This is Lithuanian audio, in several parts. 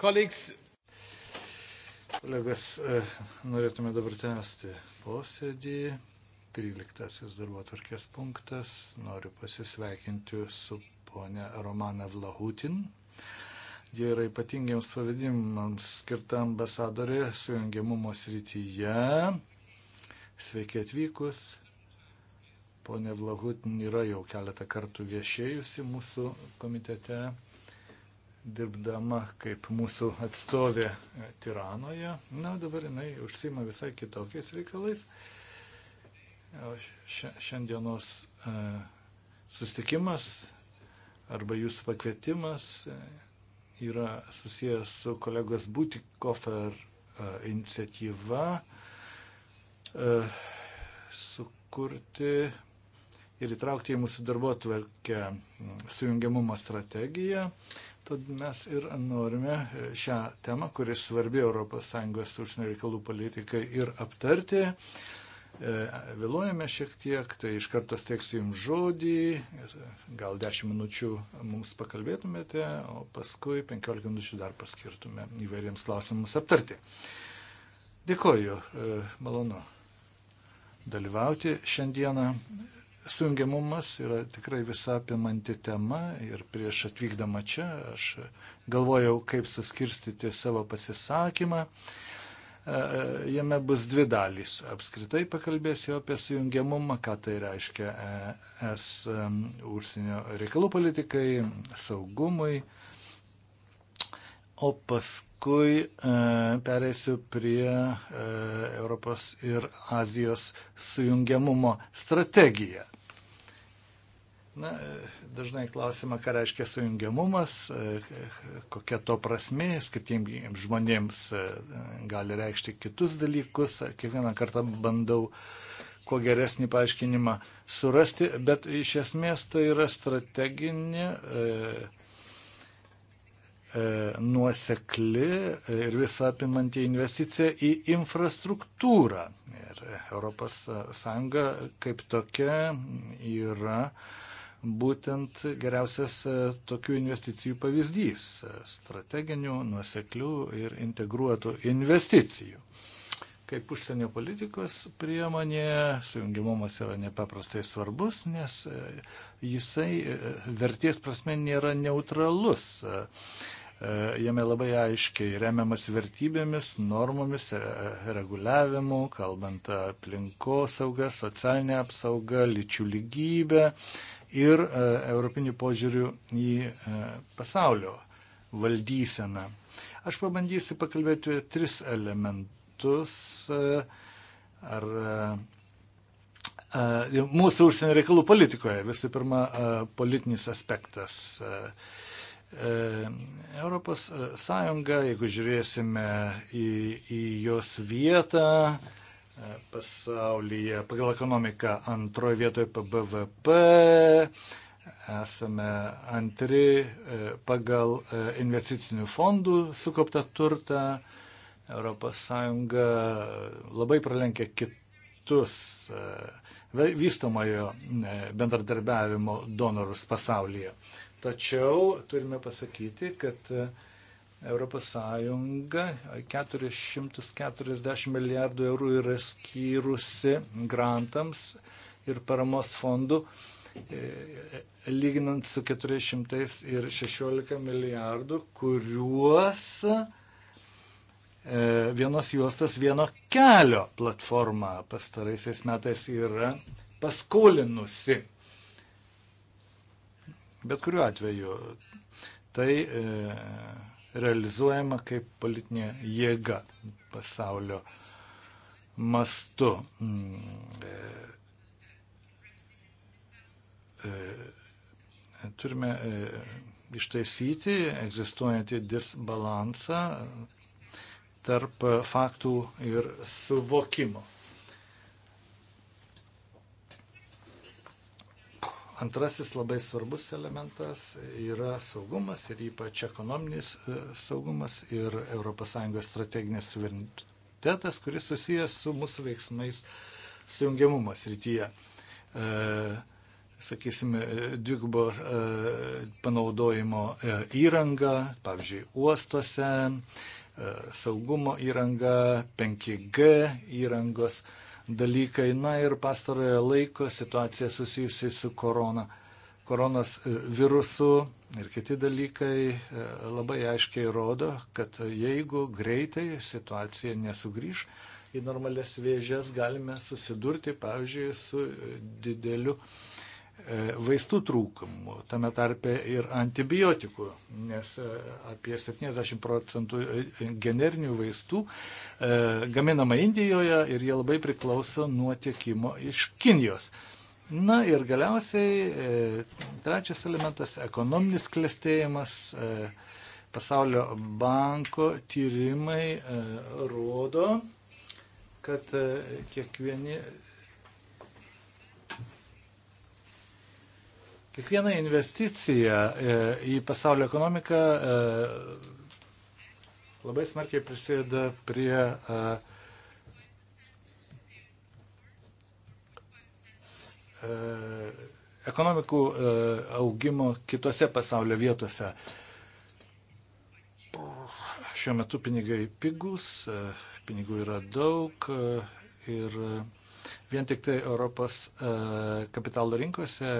Colleagues. Kolegos, e, norėtume dabar tęsti posėdį. 13 darbo tvarkės punktas. Noriu pasisveikinti su ponia Romana Vlahutin. Jie yra ypatingiems pavadinimams skirta ambasadorė sujungiamumo srityje. Sveiki atvykus. Pone Vlahutin yra jau keletą kartų viešėjusi mūsų komitete dirbdama kaip mūsų atstovė Tiranoje. Na, dabar jinai užsima visai kitokiais reikalais. Šiandienos e, sustikimas arba jūsų pakvietimas e, yra susijęs su kolegos Butikofer e, iniciatyva sukurti ir įtraukti į mūsų darbo tvarkę sujungiamumo strategiją. Tad mes ir norime e, šią temą, kuris svarbi ES užsienio reikalų politikai ir aptarti. E, vėluojame šiek tiek, tai iš karto steiksiu Jums žodį, gal 10 minučių mums pakalbėtumėte, o paskui 15 minučių dar paskirtume įvairiems klausimams aptarti. Dėkoju, e, malonu dalyvauti šiandieną. Sungiamumas yra tikrai visapimanti tema ir prieš atvykdama čia aš galvojau, kaip suskirstyti savo pasisakymą. E, e, jame bus dvi dalys. Apskritai pakalbėsiu apie sujungiamumą, ką tai reiškia es užsienio reikalų politikai, saugumui. O paskui e, pereisiu prie Europos ir Azijos sujungiamumo strategiją. Na, e, dažnai klausima, ką reiškia sujungiamumas, e, kokia to prasme, skirtingiems žmonėms e, gali reikšti kitus dalykus. Kiekvieną kartą bandau kuo geresnį paaiškinimą surasti, bet iš esmės tai yra strateginė, nuosekli ir visą apimantį investiciją į infrastruktūrą. Ir ES kaip tokia yra būtent geriausias e, tokių investicijų pavyzdys e, - strateginių, nuoseklių ir integruotų investicijų. Kaip užsienio politikos priemonė, sujungimumas yra nepaprastai svarbus, nes e, jisai verties prasme nėra neutralus jame labai aiškiai remiamas vertybėmis, normomis, reguliavimu, kalbant aplinkosaugą, socialinę apsaugą, lyčių lygybę, ir e, europinių požiūrių į e, pasaulio valdyseną. Aš pabandysiu pakalbėti tris elementus. E, ar mūsų užsienio reikalų politikoje. Visų pirma, politinis aspektas. Europos Sąjunga, jeigu žiūrėsime į, į jos vietą pasaulyje pagal ekonomiką antroje vietoje PBVP, esame antri e, pagal e, investicinių fondų sukauptą turtą. ES e, labai pralenkia kitus vystomojo bendradarbiavimo donorus pasaulyje. Tačiau turime pasakyti, kad ES 440 milijardų eurų yra skyrusi grantams ir paramos fondų, e, e, lyginant su 416 milijardų, kuriuos e, vienos juostos vieno kelio platforma pastaraisiais metais yra paskolinusi. Bet kuriuo atveju tai e, realizuojama kaip politinė jėga pasaulio mastu. Mm. E, e, turime e, ištaisyti egzistuojantį disbalansą tarp faktų ir suvokimo. Antrasis labai svarbus elementas yra saugumas ir ypač ekonominis e, saugumas ir ES strateginis suverenitetas, kuris susijęs su mūsų veiksmais sujungiamumo srityje. E, sakysime, e, dvigubo panaudojimo įranga, pavyzdžiui, uostuose, saugumo įranga, 5G įrangos. E, dalykai. Na ir pastarojo laiko situacija susijusi su korona. Koronas e, virusu ir kiti dalykai e, labai aiškiai rodo, kad jeigu greitai situacija nesugrįž į normales vėžės, galime susidurti, pavyzdžiui, su dideliu uh, E, vaistų trūkumų, tame tarpe ir antibiotikų, nes e, apie 70 procentų e, generinių vaistų gaminama Indijoje ir jie labai priklauso nuo tiekimo iš Kinijos. Na ir galiausiai trečias elementas - ekonominis klestėjimas. Pasaulio banko tyrimai rodo, kad kiekvieni Kiekviena investicija e, į pasaulio ekonomiką e, labai smarkiai prisėda prie e, ekonomikų augimo kitose pasaulio vietose. Šiuo metu pinigai pigus, pinigų yra daug ir Vien tik tai Europos e, kapitalo rinkose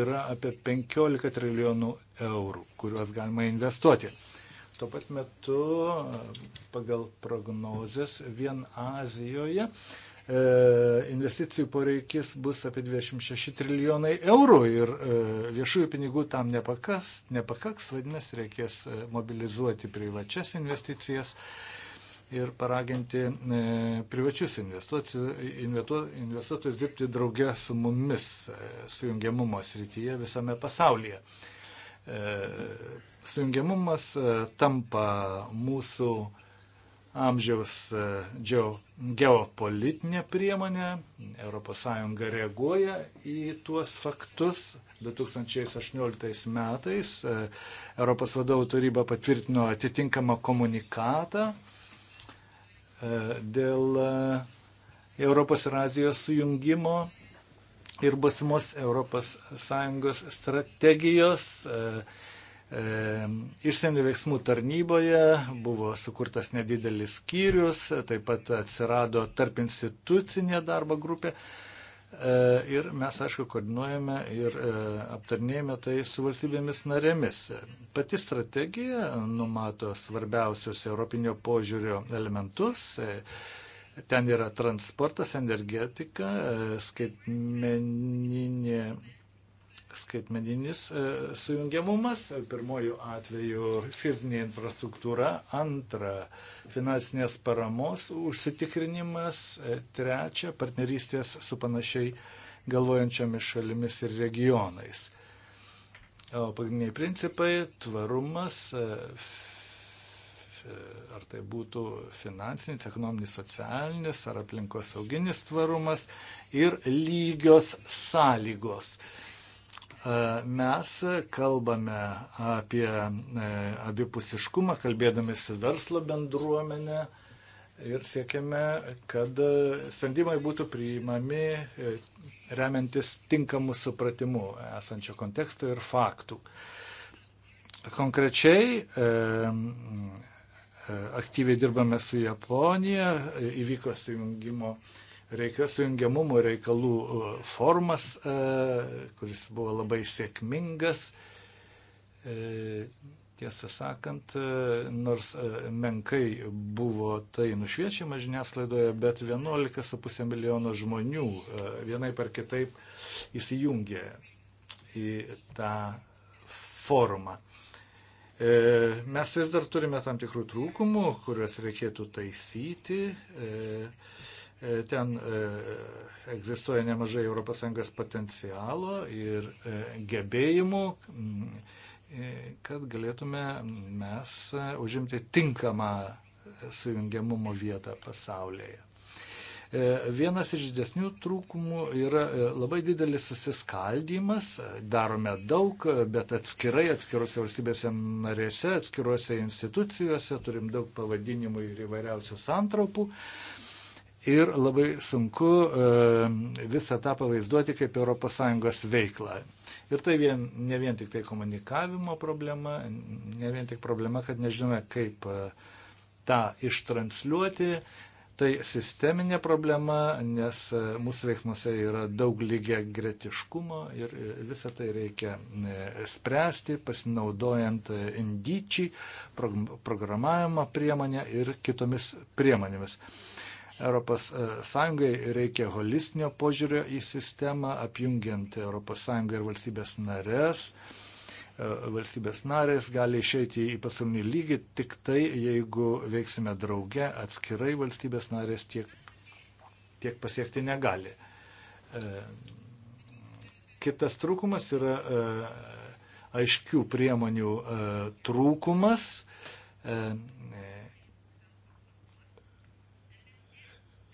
yra apie 15 trilijonų eurų, kuriuos galima investuoti. Tuo pat metu, e, pagal prognozes, vien Azijoje e, investicijų poreikis bus apie 26 trilijonai eurų ir viešųjų pinigų tam nepakas, nepakaks, vadinasi, reikės mobilizuoti privačias investicijas ir paraginti e, privačius investuotojus dirbti drauge su mumis e, sujungiamumo srityje visame pasaulyje. E, sujungiamumas tampa mūsų amžiaus geopolitinė priemonė. ES reaguoja į tuos faktus. 2018 metais ES vadovų taryba patvirtino atitinkamą komunikatą E, dėl e, Europos ir Azijos sujungimo ir basimos ES strategijos. E, išsienio veiksmų tarnyboje buvo sukurtas nedidelis skyrius, taip pat atsirado tarp institucinė darbo grupė. E, E, ir mes, aišku, koordinuojame ir e, aptarnėjame tai su valstybėmis narėmis. Pati strategija numato svarbiausius europinio požiūrio elementus. E, ten yra transportas, energetika, skaitmeninė skaitmeninis e, sujungiamumas, pirmojų atveju fizinė infrastruktūra, antra finansinės paramos užsitikrinimas, e, trečia partnerystės su panašiai galvojančiomis šalimis ir regionais. O pagrindiniai principai - tvarumas, e, ar tai būtų finansinis, ekonominis, socialinis ar aplinkos sauginis tvarumas ir lygios sąlygos. E, mes kalbame apie e, abipusiškumą, kalbėdami su verslo bendruomenė ir siekiame, kad sprendimai būtų priimami e, remiantis tinkamu supratimu esančio konteksto ir faktų. Konkrečiai aktyviai dirbame su Japonija, įvyko sujungimo reikia sujungiamumo reikalų e, formas, e, kuris buvo labai sėkmingas. E, tiesą sakant, nors menkai buvo tai nušviečiama žiniasklaidoje, bet 11,5 milijono žmonių vienai par kitaip įsijungė į tą formą. Mes vis dar turime tam tikrų trūkumų, kuriuos reikėtų taisyti. E, ten e, egzistuoja nemažai ES potencialo ir e, gebėjimų, kad galėtume mes užimti tinkamą sujungiamumo vietą pasaulyje. Vienas iš didesnių trūkumų yra labai didelis susiskaldymas, darome daug, bet atskirai, atskirose valstybėse narėse, atskiruose institucijose, turim daug pavadinimų ir įvairiausių santraupų, ir labai sunku e, visą tą pavaizduoti kaip ES veiklą. Ir tai vien, ne vien tik tai komunikavimo problema, ne vien tik problema, kad nežinome, kaip e, tą ištransliuoti, tai sisteminė problema, nes e, mūsų veiksmuose yra daug lygia gretiškumo ir visą tai reikia spręsti, pasinaudojant indyčiai, programavimo priemonę ir kitomis priemonėmis. ES e, reikia holistinio požiūrio į sistemą, apjungiant ES ir valstybės narės. E, valstybės narės gali išeiti į pasaulinį lygį tik tai, jeigu veiksime drauge, atskirai valstybės narės tiek, tiek pasiekti negali. E, kitas trūkumas yra aiškių priemonių trūkumas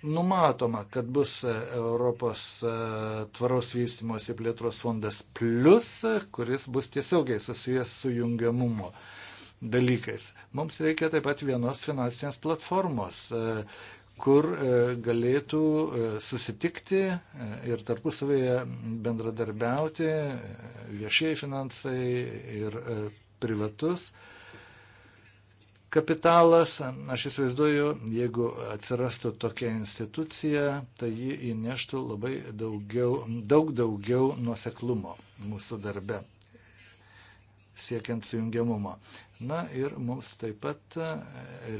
numatoma, kad bus e, Europos e, tvaraus vystimosi plėtros fondas plus, e, kuris bus tiesiogiai susijęs su jungiamumo dalykais. Mums reikia taip pat vienos finansinės platformos, kur galėtų susitikti ir tarpusavėje bendradarbiauti viešieji finansai ir privatus kapitalas. Aš įsivaizduoju, jeigu atsirastų tokia institucija, tai ji įneštų labai daugiau, daug daugiau nuoseklumo mūsų darbe, siekiant sujungiamumo. Na ir mums taip pat e,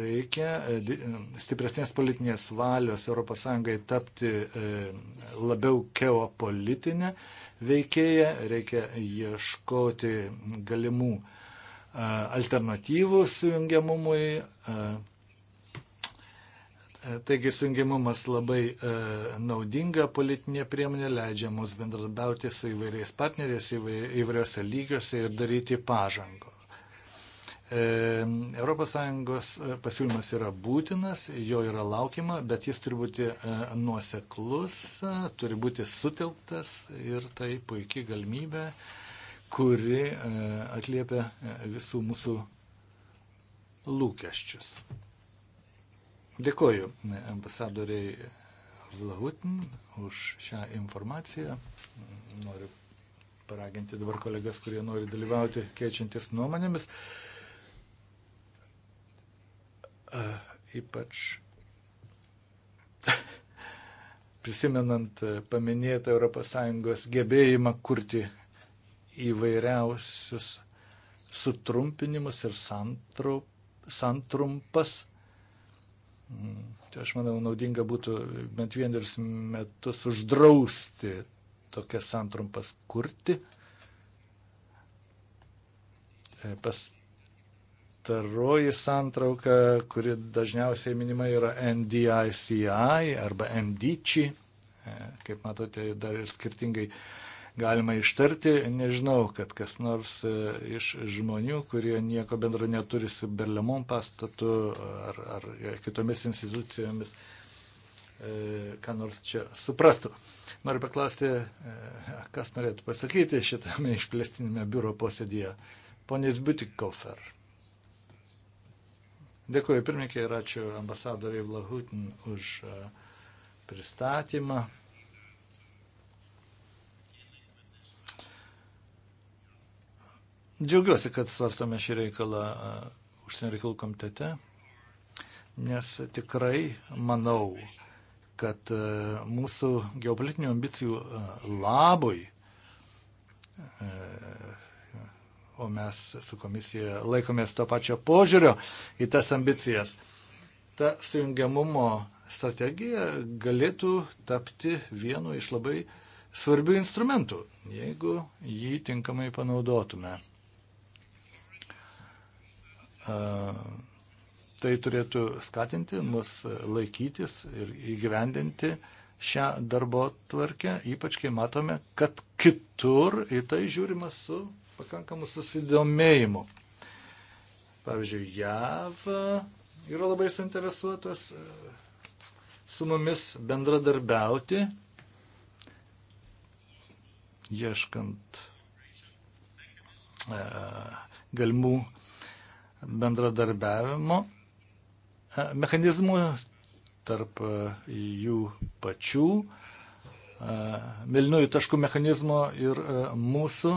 reikia e, e, stipresnės politinės valios ES tapti labiau geopolitinę veikėją, reikia ieškoti galimų alternatyvų sujungiamumui. Taigi sujungiamumas labai naudinga politinė priemonė, leidžia mus bendradarbiauti su įvairiais partneriais įvairiose lygiuose ir daryti pažangą. ES e, pasiūlymas yra būtinas, jo yra laukiama, bet jis turi būti e, nuoseklus, e, turi būti sutilptas ir tai puikiai galimybė uh, kuri e, atliepia e, visų mūsų lūkesčius. Dėkoju e, ambasadoriai Vlahutin už šią informaciją. Noriu paraginti dabar kolegas, kurie nori dalyvauti keičiantis nuomonėmis. Ypač prisimenant paminėtą ES gebėjimą kurti įvairiausius sutrumpinimus ir santrup, santrumpas. Mm, tai aš manau, naudinga būtų bent vienerius metus uždrausti tokias santrumpas kurti. E, pastaroji santrauka, kuri dažniausiai minima yra NDICI arba NDC, e, kaip matote, dar ir skirtingai uh, galima ištarti. Nežinau, kad kas nors e, iš žmonių, kurie nieko bendro neturi su Berlemon pastatu ar, ar kitomis institucijomis, e, ką nors čia suprastų. Noriu paklausti, e, kas norėtų pasakyti šitame išplėstinėme biuro posėdėje. Ponės Butikofer. Dėkuoju pirmininkė ir ačiū ambasadoriai Vlahutin už pristatymą. Džiaugiuosi, kad svarstome šį reikalą e, užsienio reikalų komitete, nes tikrai manau, kad e, mūsų geopolitinių ambicijų e, labui, o mes su komisija laikomės to pačio požiūrio į tas ambicijas, ta sujungiamumo strategija galėtų tapti vienu iš labai svarbių instrumentų, jeigu jį tinkamai panaudotume. Tai turėtų skatinti mus laikytis ir įgyvendinti šią darbo tvarkę, ypač kai matome, kad kitur į tai žiūrima su pakankamu susidomėjimu. Pavyzdžiui, JAV yra labai suinteresuotas e, su mumis bendradarbiauti, ieškant e, galimų bendradarbiavimo e, mechanizmų tarp e, jų pačių, e, mėlynųjų taškų mechanizmo ir mūsų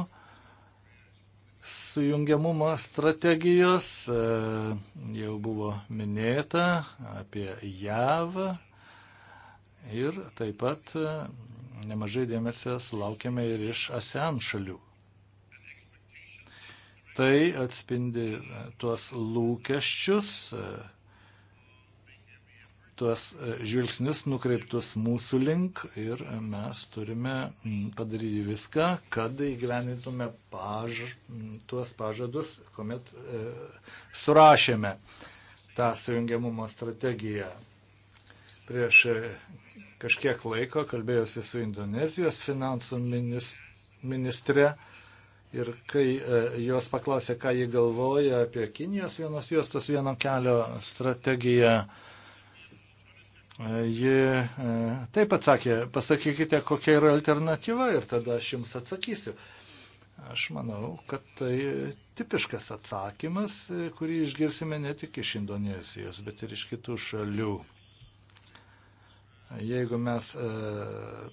sujungiamumo strategijos. Jau buvo minėta apie JAV ir taip pat nemažai dėmesio sulaukėme ir iš ASEAN šalių tai atspindi e, tuos lūkesčius, e, tuos e, žvilgsnius nukreiptus mūsų link ir mes turime padaryti viską, kad įgyvenintume paž... tuos pažadus, kuomet e, surašėme tą sujungiamumo strategiją. Prieš kažkiek laiko kalbėjusi su Indonezijos finansų ministre Ir kai e, jos paklausė, ką jie galvoja apie Kinijos vienos juostos vieno kelio strategiją, e, ji e, taip atsakė, pasakykite, kokia yra alternatyva ir tada aš jums atsakysiu. Aš manau, kad tai tipiškas atsakymas, kurį išgirsime ne tik iš Indonezijos, bet ir iš kitų šalių. Jeigu mes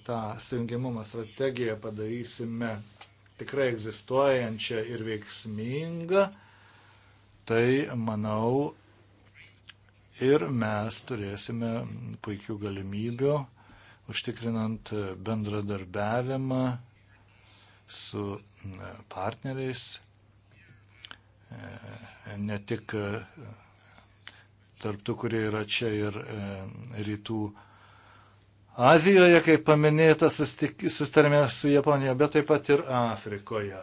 tą sujungimumą strategiją padarysime tikrai egzistuojančią ir veiksmingą, tai manau ir mes turėsime puikių galimybių užtikrinant bendradarbiavimą su partneriais, e, ne tik e, tarptų, kurie yra čia ir e, rytų Azijoje, kaip paminėta, sustarėme su Japonija, bet taip pat ir Afrikoje.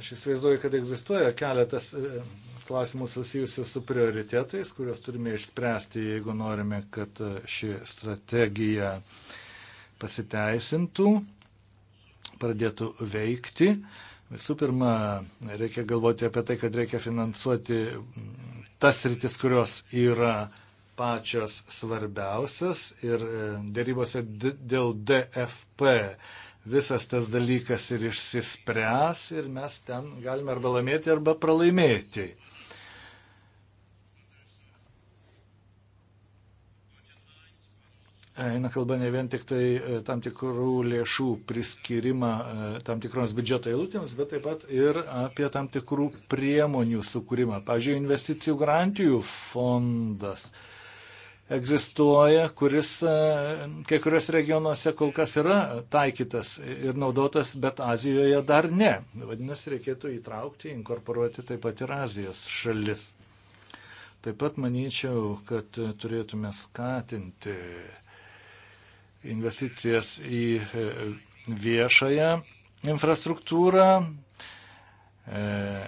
Aš įsivaizduoju, kad egzistuoja keletas e, klausimų susijusių su prioritetais, kuriuos turime išspręsti, jeigu norime, kad e, ši strategija pasiteisintų, pradėtų veikti. Visų pirma, reikia galvoti apie tai, kad reikia finansuoti tas rytis, kurios yra pačios svarbiausias ir e, dėrybose dėl DFP visas tas dalykas ir išsispręs ir mes ten galime arba laimėti, arba pralaimėti. Eina kalba ne vien tik tai e, tam tikrų lėšų priskirimą e, tam tikroms biudžeto eilutėms, bet taip pat ir apie tam tikrų priemonių sukūrimą. Pavyzdžiui, investicijų garantijų fondas. Uh, egzistuoja, kuris e, kai kurios regionuose kol kas yra taikytas ir naudotas, bet Azijoje dar ne. Vadinasi, reikėtų įtraukti, inkorporuoti taip pat ir Azijos šalis. Taip pat manyčiau, kad turėtume skatinti investicijas į e, viešąją infrastruktūrą, e,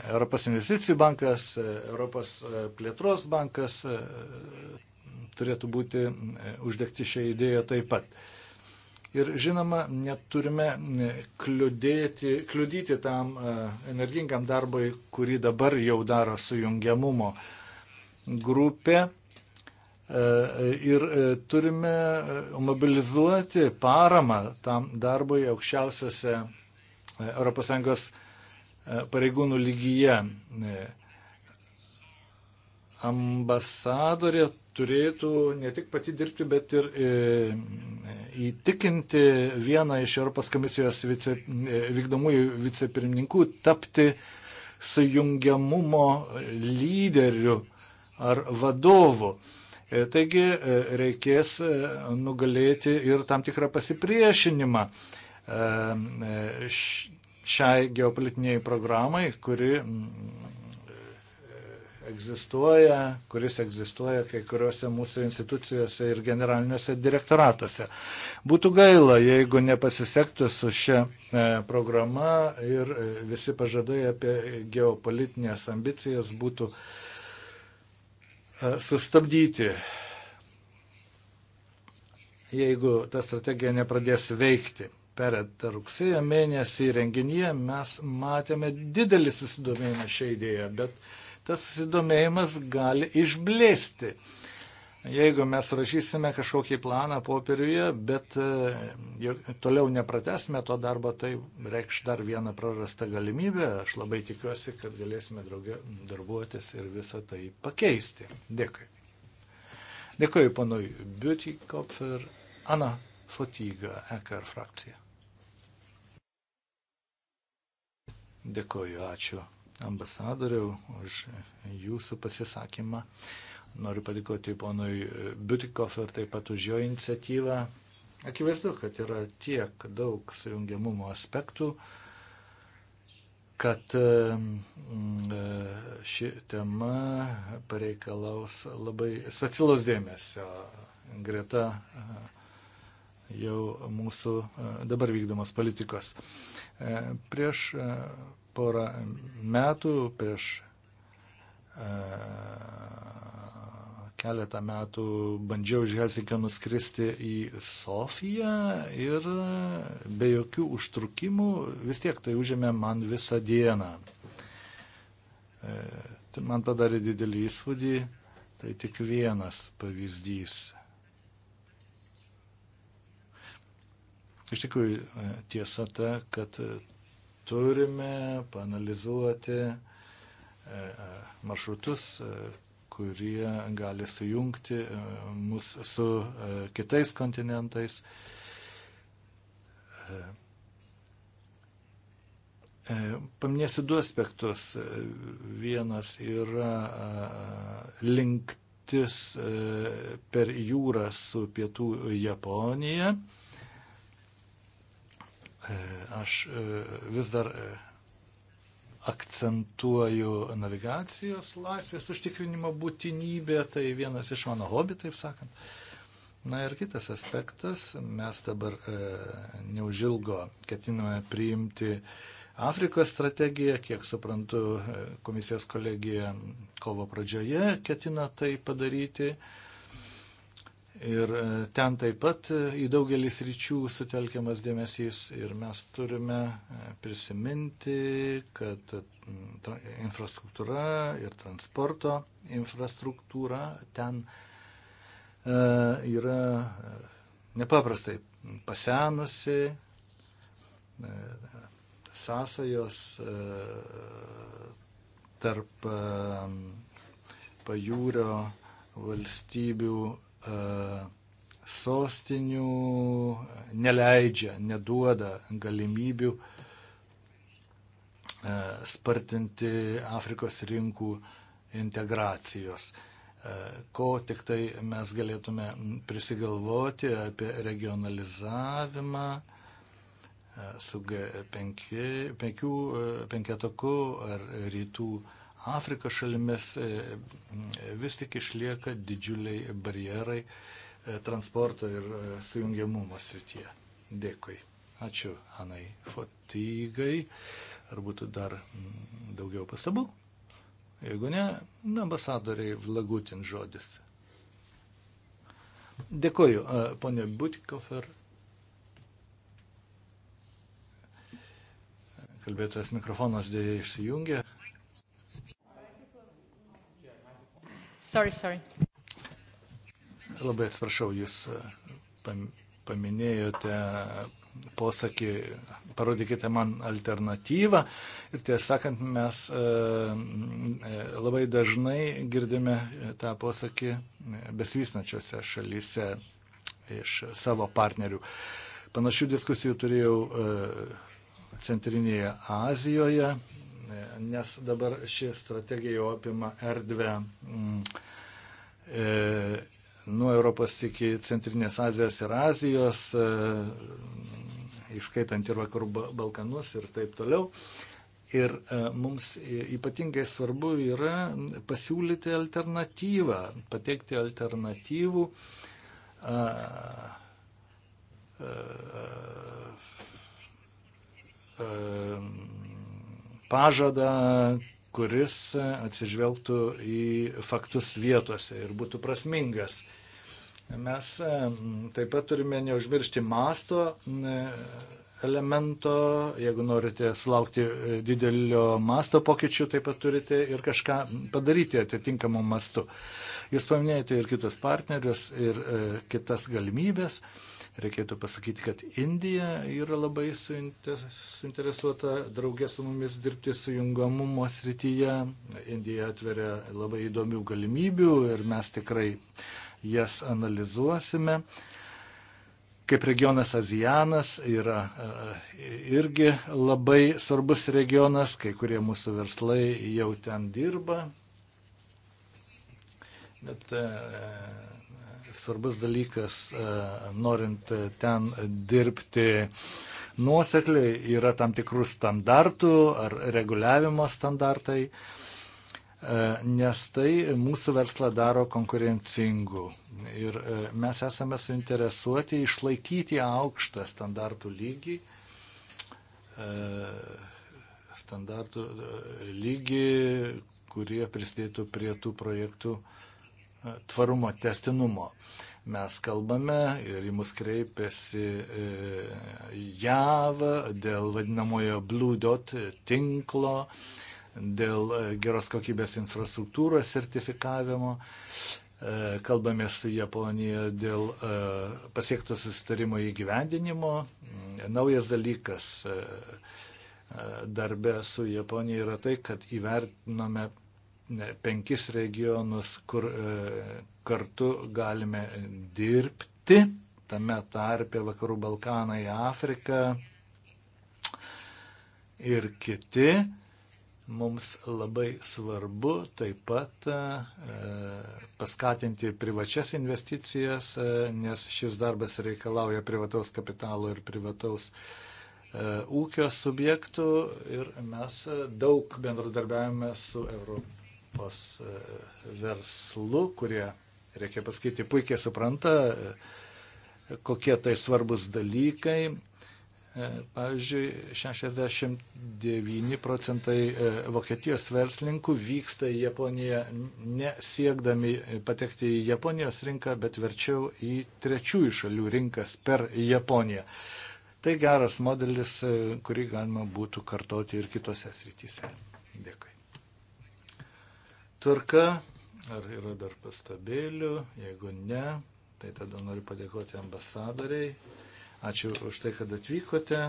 Europos investicijų bankas, Europos plėtros bankas turėtų būti e, uždegti šią idėją taip pat. Ir žinoma, neturime e, kliudėti, kliudyti tam e, energingam darbui, kurį dabar jau daro sujungiamumo grupė. Ir turime mobilizuoti paramą tam darbui aukščiausiose ES pareigūnų lygyje ambasadorė turėtų ne tik pati dirbti, bet ir e, įtikinti vieną iš Europos komisijos vice, e, vykdomųjų vicepirmininkų tapti sujungiamumo lyderiu ar vadovu. E, taigi reikės nugalėti ir tam tikrą pasipriešinimą šiai geopolitiniai programai, kuri egzistuoja, kuris egzistuoja kai kuriuose mūsų institucijose ir generaliniuose direktoratuose. Būtų gaila, jeigu nepasisektų su šia e, programa ir e, visi pažadai apie geopolitinės ambicijas būtų e, sustabdyti. Jeigu ta strategija nepradės veikti per rugsėjo mėnesį renginyje mes matėme didelį susidomėjimą šią idėją, bet tas susidomėjimas gali išblėsti. Jeigu mes rašysime kažkokį planą popieriuje, bet e, toliau nepratesime to darbo, tai reikš dar vieną prarastą galimybę. Aš labai tikiuosi, kad galėsime draugė darbuotis ir visą tai pakeisti. Dėkui. Dėkui panui Biutikopfer, Ana Fotyga, EKR frakcija. Dėkoju, ačiū ambasadoriau, už jūsų pasisakymą. Noriu padėkoti ponui Butikofer taip pat už jo iniciatyvą. Akivaizdu, kad yra tiek daug sujungiamumo aspektų, kad ši tema pareikalaus labai specialus dėmesio greta e, jau mūsų e, dabar vykdomos politikos. E, prieš porą metų, prieš e, keletą metų bandžiau iš Helsinkio nuskristi į Sofiją ir e, be jokių užtrukimų vis tiek tai užėmė man visą dieną. E, tai man padarė didelį įspūdį, tai tik vienas pavyzdys. Iš tikrųjų e, tiesa ta, kad turime panalizuoti e, e, maršrutus, e, kurie gali sujungti mus su kitais kontinentais. Paminėsiu du aspektus. Vienas yra linktis per jūrą su pietų Japonija. E, aš e, vis dar e, akcentuoju navigacijos laisvės užtikrinimo būtinybę, tai vienas iš mano hobi, taip sakant. Na ir kitas aspektas, mes dabar e, neužilgo ketiname priimti Afrikos strategiją, kiek suprantu, komisijos kolegija kovo pradžioje ketina tai padaryti. E, Ir e, ten taip pat e, į daugelis ryčių sutelkiamas dėmesys ir mes turime e, prisiminti, kad infrastruktūra ir transporto infrastruktūra ten yra nepaprastai pasenusi, sąsajos tarp pajūrio valstybių E, sostinių neleidžia, neduoda galimybių e, spartinti Afrikos rinkų integracijos. E, ko tik tai mes galėtume prisigalvoti apie regionalizavimą su G5 penketuku ar rytų Afrikos šalimis e, vis tik išlieka didžiuliai barjerai e, transporto ir e, sujungiamumo srityje. Dėkui. Ačiū Anai Fotygai. Ar būtų dar mm, daugiau pasabų? Jeigu ne, ambasadoriai Vlagutin žodis. Dėkoju, ponė Butikofer. Kalbėtojas mikrofonas dėja išsijungė. Sorry, sorry. Labai atsiprašau, jūs e, paminėjote posakį, parodykite man alternatyvą. Ir tiesą sakant, mes e, e, labai dažnai girdime tą posakį besivysnačiose šalyse iš savo partnerių. Panašių diskusijų turėjau Centrinėje Azijoje nes dabar ši strategija jau apima erdvę mm, e, nuo Europos iki Centrinės Azijos ir Azijos, iškaitant e, ir Vakarų Balkanus ir taip toliau. Ir e, mums ypatingai svarbu yra pasiūlyti alternatyvą, pateikti alternatyvų pažadą, kuris atsižvelgtų į faktus vietose ir būtų prasmingas. Mes e, taip pat turime neužmiršti masto e, elemento, jeigu norite sulaukti e, didelio masto pokyčių, taip pat turite ir kažką padaryti atitinkamu mastu. Jūs paminėjote ir kitus partnerius, ir kitas galimybės. Reikėtų pasakyti, kad Indija yra labai suinteresuota draugė su mumis dirbti sujungamumo srityje. Indija atveria labai įdomių galimybių ir mes tikrai jas analizuosime kaip regionas Azijanas yra e, irgi labai svarbus regionas, kai kurie mūsų verslai jau ten dirba. Bet e, svarbus dalykas, e, norint ten dirbti nuosekliai, yra tam tikrų standartų ar reguliavimo standartai, e, nes tai mūsų verslą daro konkurencingu. Ir e, mes esame suinteresuoti išlaikyti aukštą standartų lygį standartų lygį, kurie prisidėtų prie tų projektų uh, tvarumo testinumo. Mes kalbame ir į mus kreipiasi e, JAV dėl vadinamojo Blue Dot tinklo, dėl e, geros kokybės infrastruktūros sertifikavimo. E, kalbame su Japonija dėl pasiekto susitarimo įgyvendinimo. Naujas dalykas darbe su Japonija yra tai, kad įvertinome penkis regionus, kur e, kartu galime dirbti, tame tarpe Vakarų Balkanai, Afrika ir kiti. Mums labai svarbu taip pat e, paskatinti privačias investicijas, e, nes šis darbas reikalauja privataus kapitalo ir privataus ūkio subjektų ir mes daug bendradarbiavame su Europos Europos e, verslu, kurie, reikia pasakyti, puikiai supranta, e, kokie tai svarbus dalykai. E, pavyzdžiui, 69 procentai Vokietijos verslininkų vyksta į Japoniją nesiekdami patekti į Japonijos rinką, bet verčiau į trečiųjų šalių rinkas per Japoniją. Tai geras modelis, kurį galima būtų kartoti ir kitose srityse tvarka. Ar yra dar pastabėlių? Jeigu ne, tai tada noriu padėkoti ambasadoriai. Ačiū už tai, kad atvykote.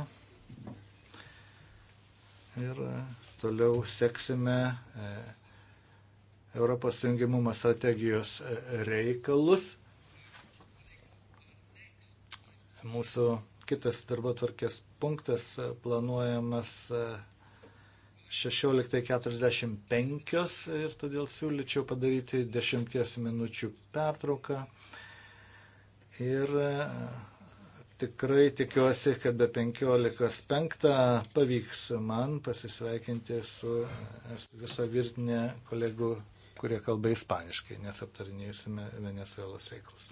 Ir e, toliau seksime e, Europos jungimumo strategijos e, reikalus. Mūsų kitas darbo tvarkės punktas planuojamas 16.45 ir todėl siūlyčiau padaryti 10 minučių pertrauką. Ir e, tikrai tikiuosi, kad be 15.5 pavyks man pasisveikinti su e, visą virtinę kolegų, kurie kalba ispaniškai, nes aptarinėsime Venezuelos reikalus.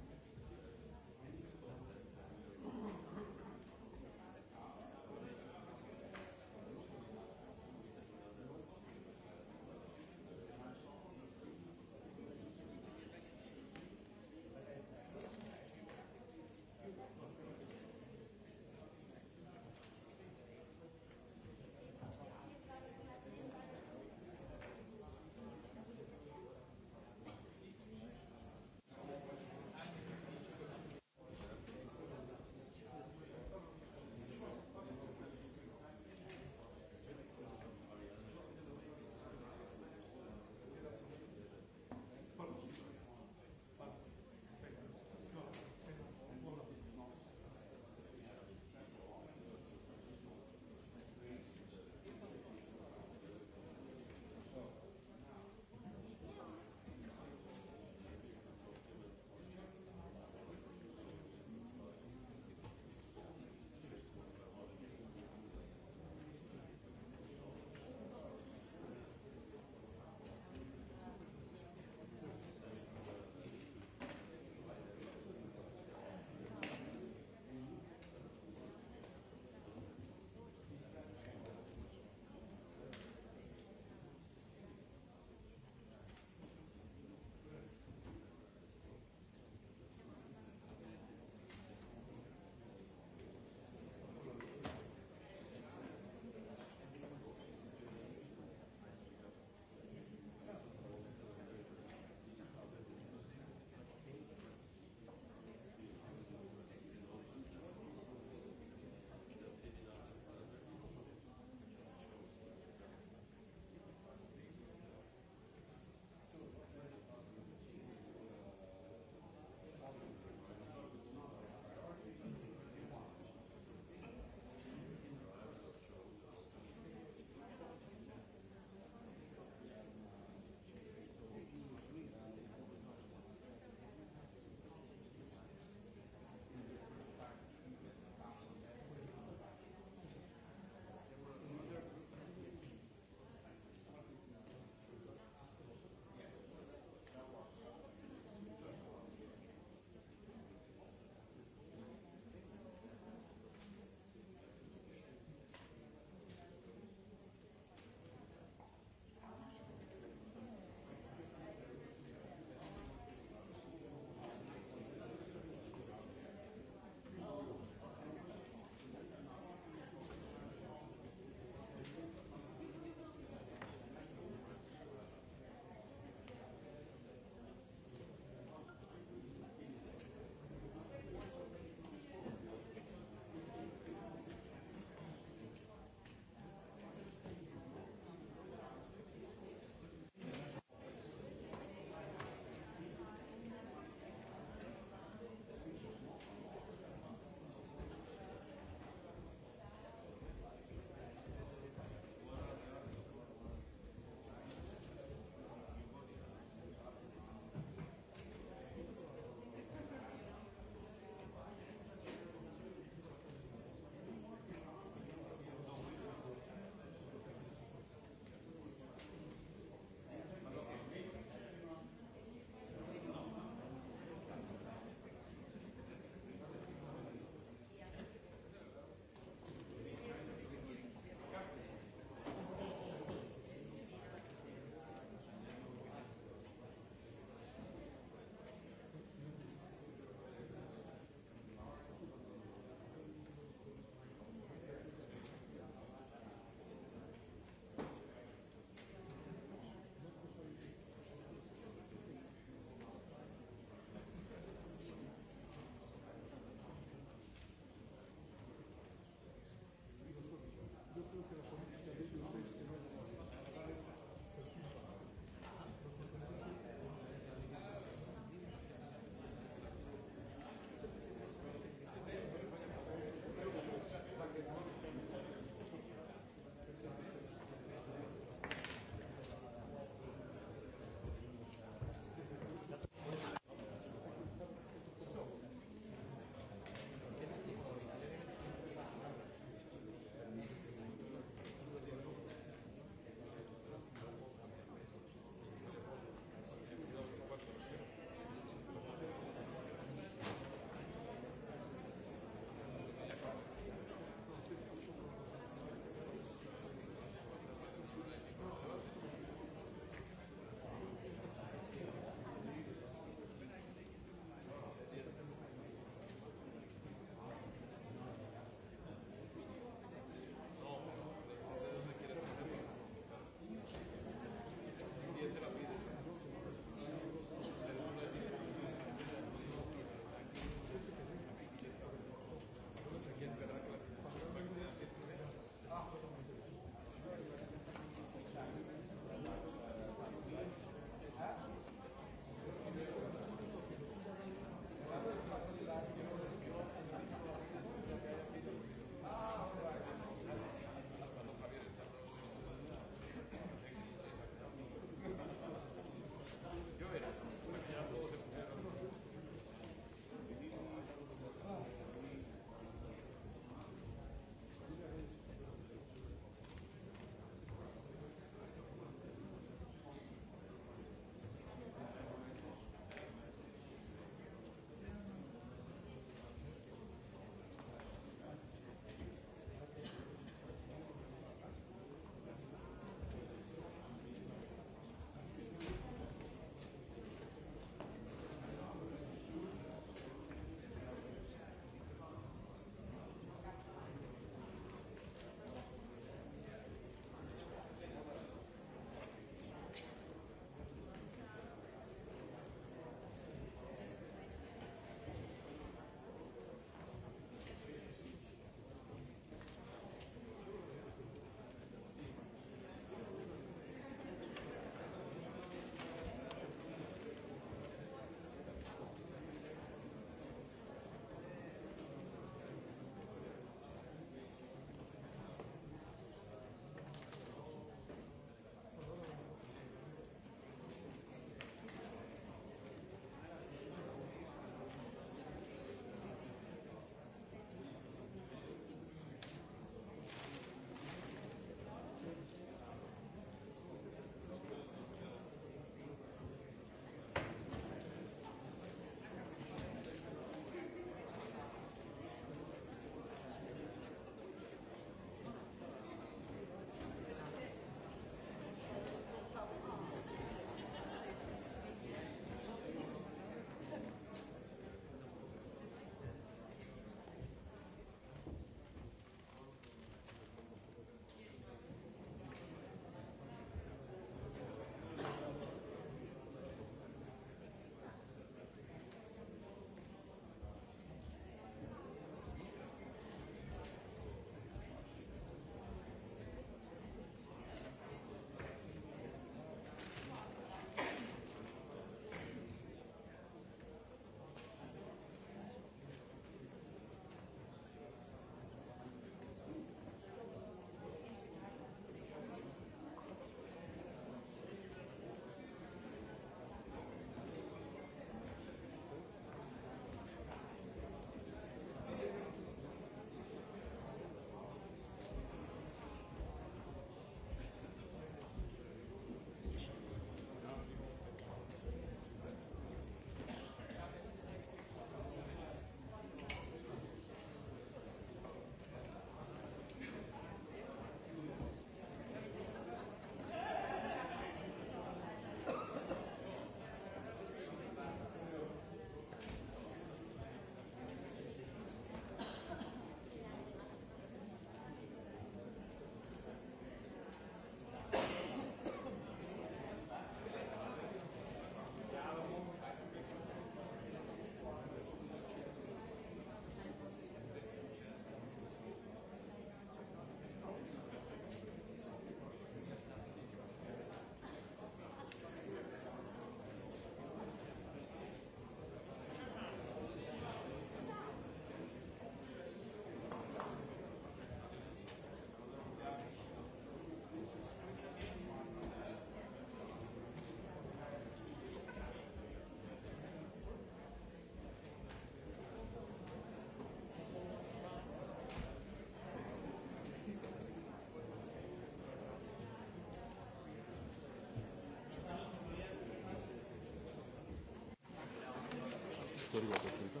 Którego to tylko?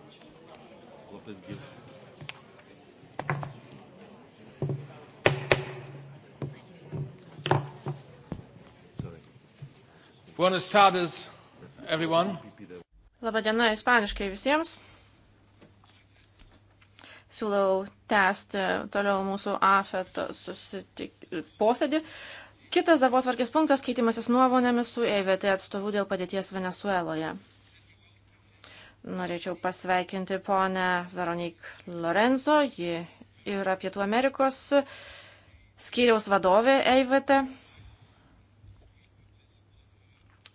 Lopez Gil. Buenas tardes, everyone. Labadiena ispaniškai visiems. Siūlau tęsti toliau mūsų AFET susitik... posėdį. Kitas darbo tvarkės punktas - keitimasis nuomonėmis su EVT atstovu dėl padėties Venezueloje. Norėčiau pasveikinti ponę Veronik Lorenzo, ji yra Pietų Amerikos skyriaus vadovė EIVT.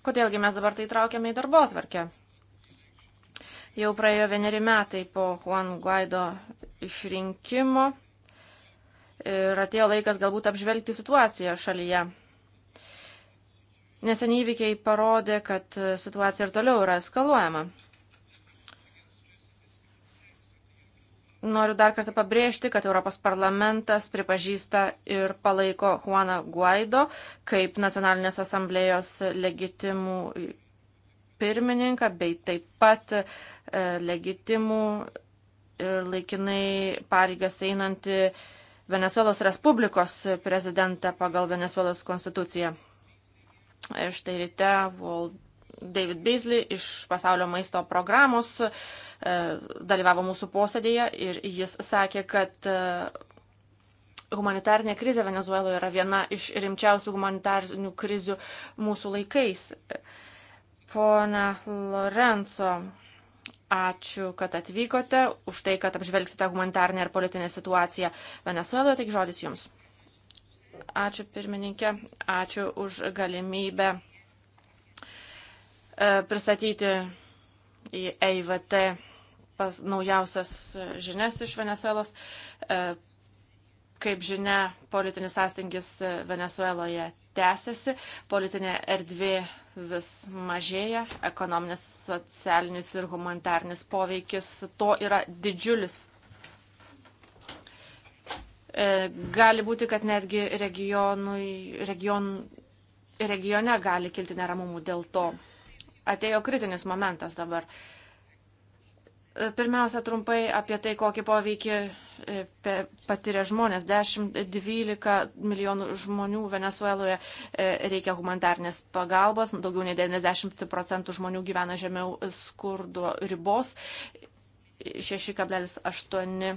Kodėlgi mes dabar tai traukiame į darbo atvarkę? Jau praėjo vieneri metai po Juan Guaido išrinkimo ir atėjo laikas galbūt apžvelgti situaciją šalyje. Neseniai įvykiai parodė, kad situacija ir toliau yra eskaluojama. Noriu dar kartą pabrėžti, kad Europos parlamentas pripažįsta ir palaiko Juaną Guaido kaip nacionalinės asamblėjos legitimų pirmininką, bei taip pat e, legitimų ir laikinai pareigas einanti Venezuelos Respublikos prezidentą pagal Venezuelos konstituciją. Štai ryte World David Beasley iš pasaulio maisto programos e, dalyvavo mūsų posėdėje ir jis sakė, kad e, humanitarnė krizė Venezueloje yra viena iš rimčiausių humanitarnių krizių mūsų laikais. Pone Lorenzo, ačiū, kad atvykote, už tai, kad apžvelgsite humanitarnę ir politinę situaciją Venezueloje, tik žodis jums. Ačiū pirmininkė, ačiū už galimybę E, pristatyti į EIVT pas, naujausias žinias iš Venezuelos. E, kaip žinia, politinis sąstingis Venezueloje tęsiasi, politinė erdvė vis mažėja, ekonominis, socialinis ir humanitarnis poveikis to yra didžiulis. E, gali būti, kad netgi regionui, region, regione gali kilti neramumų dėl to atėjo kritinis momentas dabar. Pirmiausia, trumpai apie tai, kokį poveikį e, patiria žmonės. 10-12 milijonų žmonių Venezueloje e, reikia humanitarnės pagalbos, daugiau nei 90 procentų žmonių gyvena žemiau skurdo ribos, 6,8 e,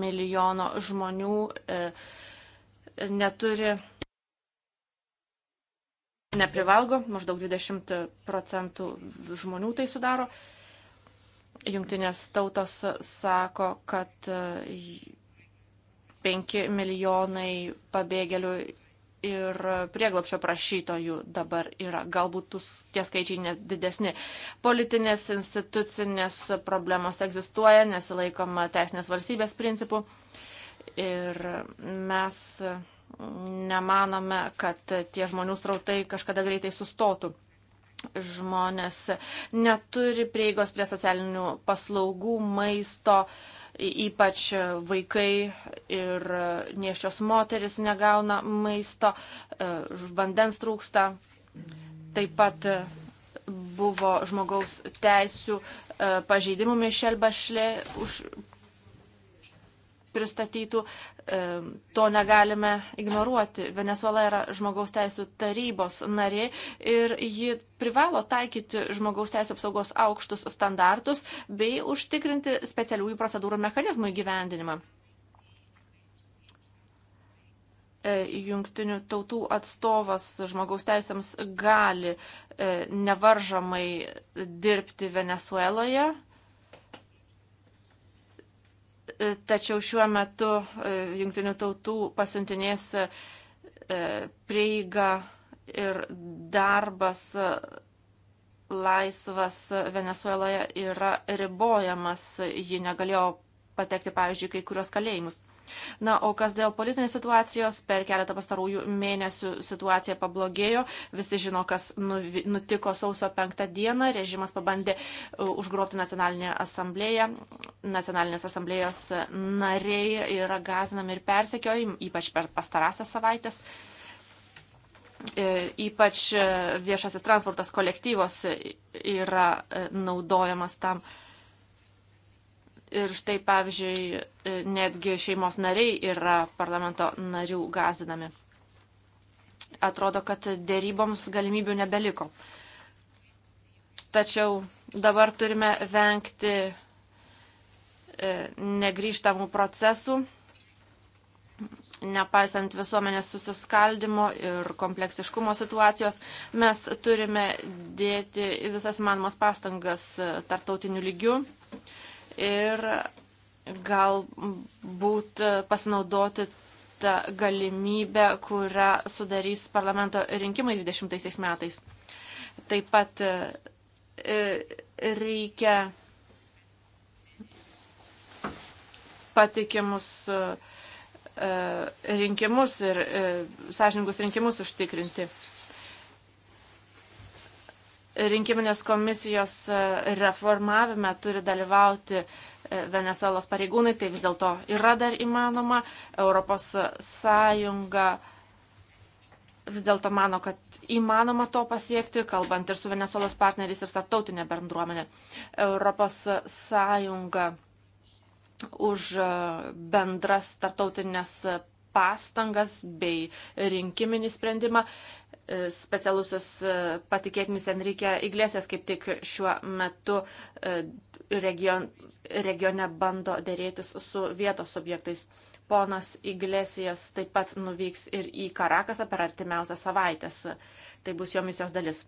milijono žmonių neturi neprivalgo, maždaug 20 procentų žmonių tai sudaro. Jungtinės tautos sako, kad 5 e, milijonai pabėgėlių ir prieglapšio prašytojų dabar yra. Galbūt tie skaičiai net didesni. Politinės, institucinės problemos egzistuoja, nesilaikoma teisinės valstybės principų. Ir mes nemanome, kad tie žmonių srautai kažkada greitai sustotų. Žmonės neturi prieigos prie socialinių paslaugų, maisto, ypač vaikai ir niešios moteris negauna maisto, e, vandens trūksta. Taip pat buvo žmogaus teisų e, pažeidimų Mišel Bašlė už pristatytų to negalime ignoruoti. Venezuela yra žmogaus teisų tarybos narė ir ji privalo taikyti žmogaus teisų apsaugos aukštus standartus bei užtikrinti specialiųjų procedūrų mechanizmų įgyvendinimą. E, jungtinių tautų atstovas žmogaus teisėms gali e, nevaržomai dirbti Venezueloje tačiau šiuo metu e, jungtinių tautų pasiuntinės e, prieiga ir darbas e, laisvas Venezueloje yra ribojamas, ji negalėjo patekti, pavyzdžiui, kai kurios kalėjimus. Na, o kas dėl politinės situacijos, per keletą pastarųjų mėnesių situacija pablogėjo. Visi žino, kas nutiko sausio penktą dieną. Režimas pabandė e, užgrobti nacionalinę asamblėją. Nacionalinės asamblėjos nariai yra gazinami ir persekiojami, ypač per pastarąsias savaitės e, ypač e, viešasis transportas kolektyvos yra naudojamas tam. Ir štai, pavyzdžiui, e, netgi šeimos nariai yra parlamento narių gazdinami. Atrodo, kad dėryboms galimybių nebeliko. Tačiau dabar turime vengti e, negryžtamų procesų, nepaisant visuomenės susiskaldimo ir kompleksiškumo situacijos, mes turime dėti visas įmanomas pastangas e, tartautiniu lygiu ir galbūt pasinaudoti tą galimybę, kurią sudarys parlamento rinkimai 20 metais. Taip pat e, e, reikia patikimus e, rinkimus ir sąžininkus rinkimus užtikrinti rinkiminės komisijos e, reformavime turi dalyvauti e, Venezuelos pareigūnai, tai vis dėlto yra dar įmanoma. Europos Sąjunga vis dėlto mano, kad įmanoma to pasiekti, kalbant ir su Venezuelos partneriais ir startautinė bendruomenė. Europos Sąjunga už e, bendras startautinės pastangas bei rinkiminį sprendimą E, specialusis e, patikėtinis Enrique Iglesias kaip tik šiuo metu e, region, regione bando dėrėtis su vietos subjektais. Ponas Iglesias taip pat nuvyks ir į Karakasą per artimiausią savaitę. Tai bus jo misijos dalis.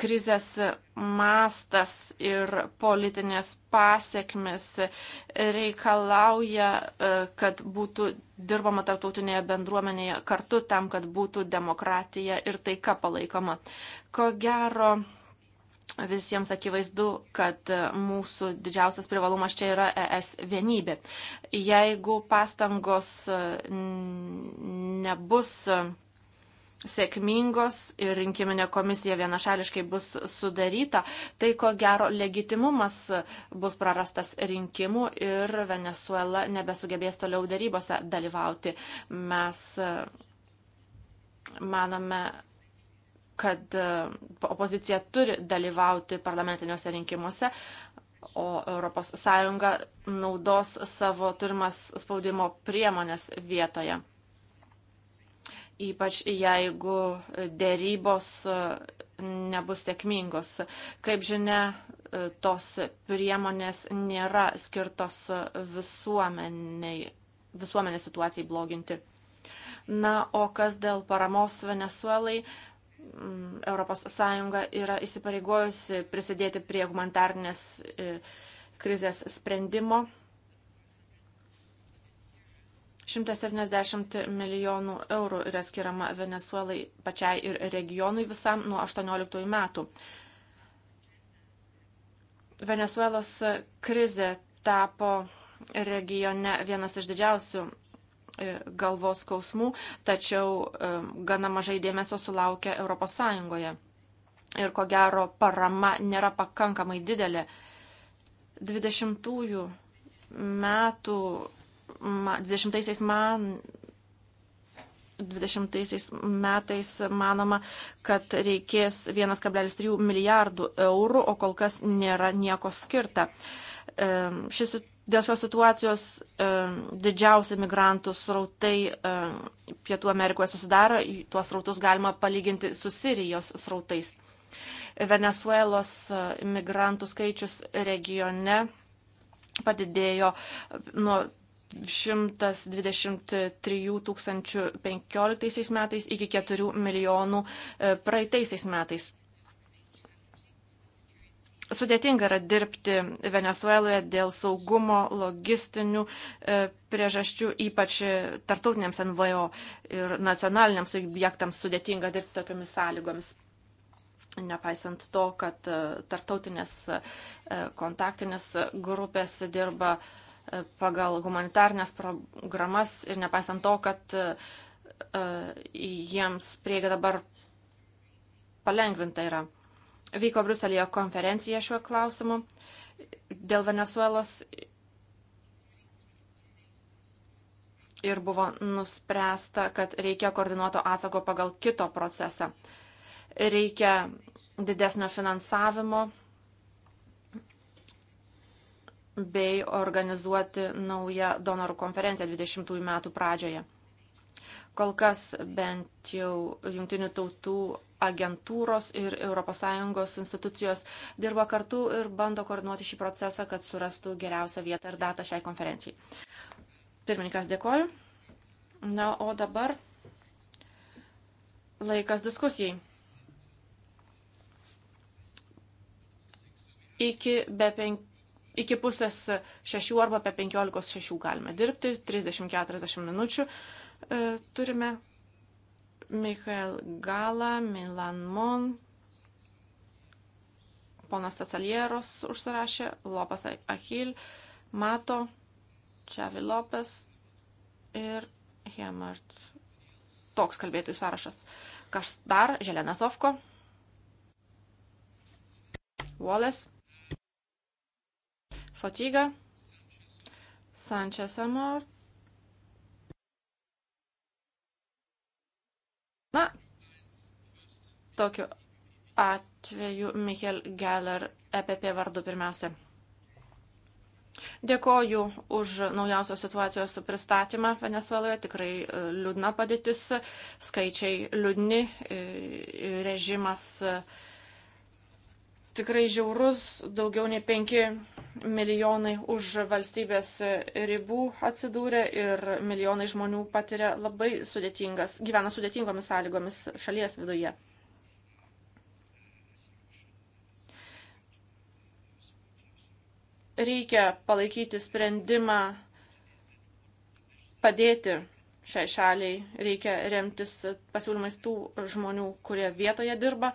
krizės mastas ir politinės pasiekmes reikalauja, e, kad būtų dirbama tarptautinėje bendruomenėje kartu tam, kad būtų demokratija ir taika palaikoma. Ko gero, visiems akivaizdu, kad mūsų didžiausias privalumas čia yra ES vienybė. Jeigu pastangos nebus sėkmingos ir rinkiminė komisija vienašališkai bus sudaryta, tai ko gero legitimumas bus prarastas rinkimų ir Venezuela nebesugebės toliau darybose dalyvauti. Mes e, manome, kad e, opozicija turi dalyvauti parlamentiniuose rinkimuose, o ES naudos savo turimas spaudimo priemonės vietoje ypač jeigu dėrybos e, nebus sėkmingos. Kaip žinia, e, tos priemonės nėra skirtos visuomeniai, visuomenės situacijai bloginti. Na, o kas dėl paramos Venezuelai, mm, ES yra įsipareigojusi prisidėti prie humanitarnės e, krizės sprendimo 170 milijonų eurų yra skiriama Venezuelai pačiai ir regionui visam nuo 18 metų. Venezuelos krizė tapo regione vienas iš didžiausių e, galvos skausmų, tačiau e, gana mažai dėmesio sulaukia ES. Ir ko gero parama nėra pakankamai didelė. 20 metų 20 man 2020 metais manoma, kad reikės 1,3 milijardų eurų, o kol kas nėra nieko skirta. Šis, dėl šios situacijos didžiausi migrantų srautai Pietų Amerikoje susidaro, tuos srautus galima palyginti su Sirijos srautais. Venezuelos e, migrantų skaičius regione padidėjo nuo 123 tūkstančių 15 metais iki 4 milijonų e, praeitaisiais metais. Sudėtinga yra dirbti Venezueloje dėl saugumo, logistinių e, priežasčių, ypač tartautiniams NVO ir nacionaliniams subjektams sudėtinga dirbti tokiamis sąlygomis. Nepaisant to, kad e, tartautinės kontaktinės grupės dirba uh, pagal humanitarnės programas ir nepaisant to, kad e, jiems prieiga dabar palengvinta yra. Vyko Bruselėje konferencija šiuo klausimu dėl Venezuelos ir buvo nuspręsta, kad reikia koordinuoto atsako pagal kito procesą. Reikia didesnio finansavimo bei organizuoti naują donorų konferenciją 20 metų pradžioje. Kol kas bent jau Junktinių tautų agentūros ir ES institucijos dirba kartu ir bando koordinuoti šį procesą, kad surastų geriausią vietą ir datą šiai konferencijai. Pirmininkas dėkoju. Na, o dabar laikas diskusijai. Iki be penkių. Iki pusės šešių arba apie penkiolikos šešių galime dirbti, 30-40 minučių e, turime. Michael Gala, Milan Mon, ponas Acalieros užsirašė, Lopas Achil, Mato, Čavi Lopes ir Hemart. Toks kalbėtojų sąrašas. Kas dar? Želena Zovko. Wallace. Fatiga, Sanchez Amor. Na, tokiu atveju Michael Geller EPP vardu pirmiausia. Dėkoju už naujausios situacijos pristatymą Venezueloje. Tikrai e, liūdna padėtis, skaičiai liūdni, e, režimas e, tikrai žiaurus, daugiau nei 5 milijonai už valstybės ribų atsidūrė ir milijonai žmonių patiria labai sudėtingas, gyvena sudėtingomis sąlygomis šalies viduje. Reikia palaikyti sprendimą padėti šiai šaliai, reikia remtis pasiūlymais tų žmonių, kurie vietoje dirba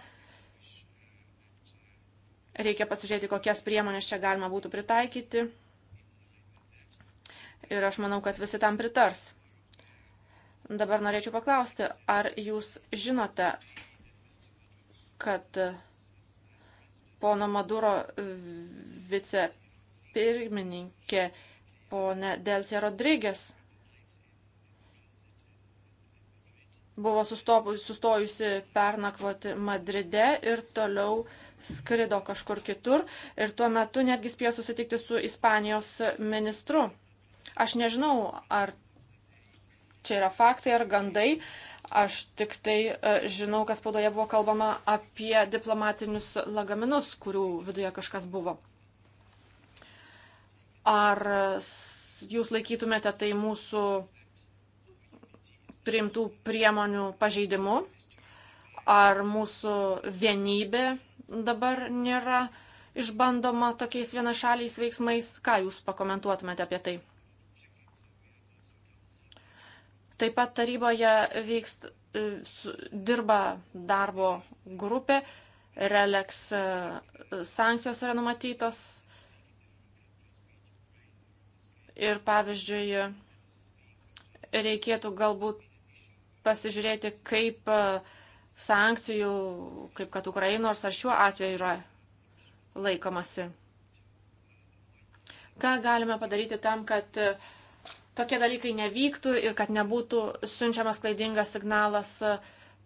Reikia pasižiūrėti, kokias priemonės čia galima būtų pritaikyti. Ir aš manau, kad visi tam pritars. Dabar norėčiau paklausti, ar jūs žinote, kad pono Maduro vicepirmininkė ponė Delsė Rodrygės buvo sustojusi pernakvoti Madride ir toliau uh, skrido kažkur kitur ir tuo metu netgi spėjo susitikti su Ispanijos ministru. Aš nežinau, ar čia yra faktai ar gandai. Aš tik tai e, žinau, kas spaudoje buvo kalbama apie diplomatinius lagaminus, kurių viduje kažkas buvo. Ar jūs laikytumėte tai mūsų priimtų priemonių pažeidimu? Ar mūsų vienybė dabar nėra išbandoma tokiais vienašaliais veiksmais. Ką Jūs pakomentuotumėte apie tai? Taip pat taryboje vykst, e, dirba darbo grupė, releks e, sankcijos yra numatytos. Ir pavyzdžiui, reikėtų galbūt pasižiūrėti, kaip uh, sankcijų, kaip kad Ukrainos ar šiuo atveju yra laikomasi. Ką galime padaryti tam, kad e, tokie dalykai nevyktų ir kad nebūtų siunčiamas klaidingas signalas e,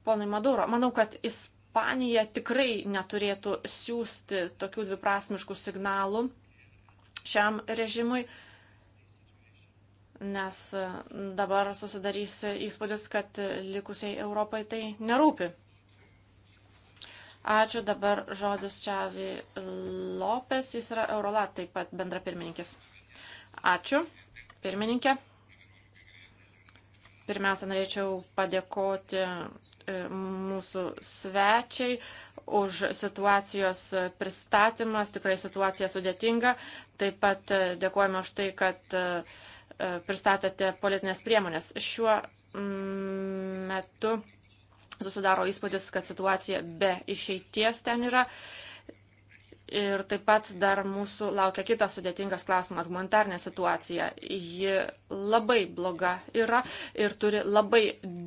ponui Maduro? Manau, kad Ispanija tikrai neturėtų siūsti tokių dviprasmiškų signalų šiam režimui nes e, dabar susidarys įspūdis, kad likusiai Europai tai nerūpi. Ačiū dabar žodis Čiavi Lopes, jis yra Eurolat taip pat bendra pirmininkis. Ačiū, pirmininkė. Pirmiausia, norėčiau padėkoti e, mūsų svečiai už situacijos pristatymas, tikrai situacija sudėtinga. Taip pat e, dėkojame už tai, kad e, pristatėte politinės priemonės. Šiuo mm, metu susidaro įspūdis, kad situacija be išeities ten yra. Ir taip pat dar mūsų laukia kitas sudėtingas klausimas - humanitarnė situacija. Ji labai bloga yra ir turi labai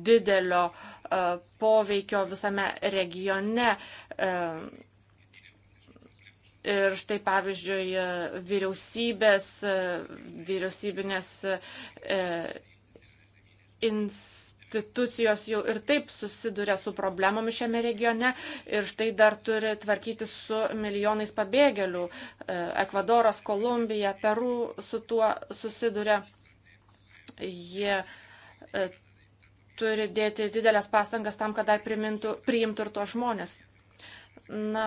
didelio uh, poveikio visame regione. Uh, Ir štai pavyzdžiui, e, vyriausybės, vyriausybinės uh, ins, institucijos jau ir taip susiduria su problemomis šiame regione ir štai dar turi tvarkyti su milijonais pabėgėlių. E, Ekvadoras, Kolumbija, Peru su tuo susiduria. Jie e, turi dėti didelės pastangas tam, kad dar primintų, priimtų ir tuos žmonės. Na,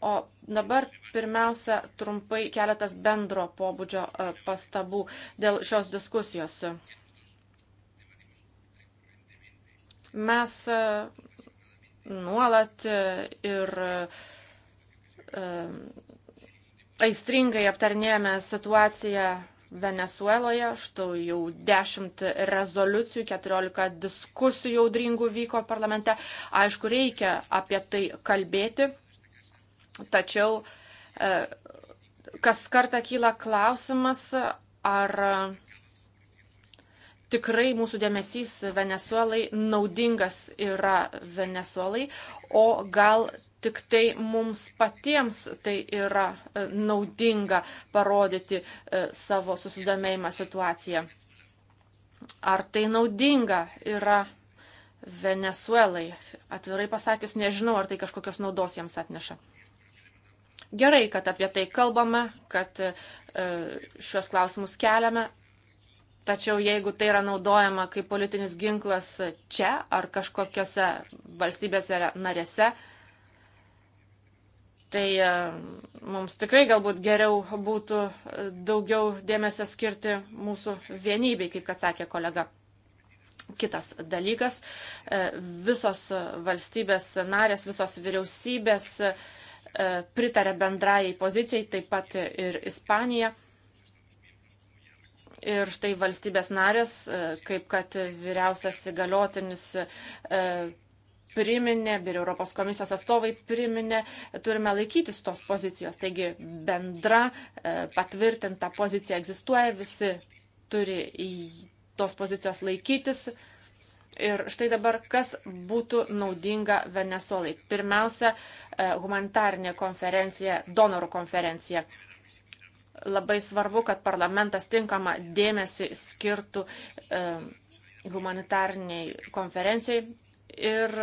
o dabar pirmiausia trumpai keletas bendro pobūdžio e, pastabų dėl šios diskusijos. Mes e, nuolat e, ir e, aistringai aptarnėjome situaciją Venezueloje, štai jau 10 rezoliucijų, 14 diskusijų audringų vyko parlamente. Aišku, reikia apie tai kalbėti, tačiau kas kartą kyla klausimas, ar tikrai mūsų dėmesys Venezuelai naudingas yra Venezuelai, o gal tik tai mums patiems tai yra e, naudinga parodyti e, savo susidomėjimą situaciją. Ar tai naudinga yra Venezuelai? Atvirai pasakius, nežinau, ar tai kažkokios naudos jiems atneša gerai, kad apie tai kalbame, kad e, šios klausimus keliame, Tačiau jeigu tai yra naudojama kaip politinis ginklas čia ar kažkokiose valstybėse narėse, tai e, mums tikrai galbūt geriau būtų daugiau dėmesio skirti mūsų vienybei, kaip kad sakė kolega. Kitas dalykas, e, visos valstybės narės, visos vyriausybės e, pritarė bendrajai pozicijai, taip pat ir Ispanija. Ir štai valstybės narės, e, kaip kad vyriausias įgaliotinis e, priminė, ir Europos komisijos atstovai priminė, turime laikytis tos pozicijos. Taigi bendra e, patvirtinta pozicija egzistuoja, visi turi tos pozicijos laikytis. Ir štai dabar, kas būtų naudinga Venezuelai. Pirmiausia, humanitarnė konferencija, donorų konferencija labai svarbu, kad parlamentas tinkamą dėmesį skirtų e, humanitarniai konferencijai ir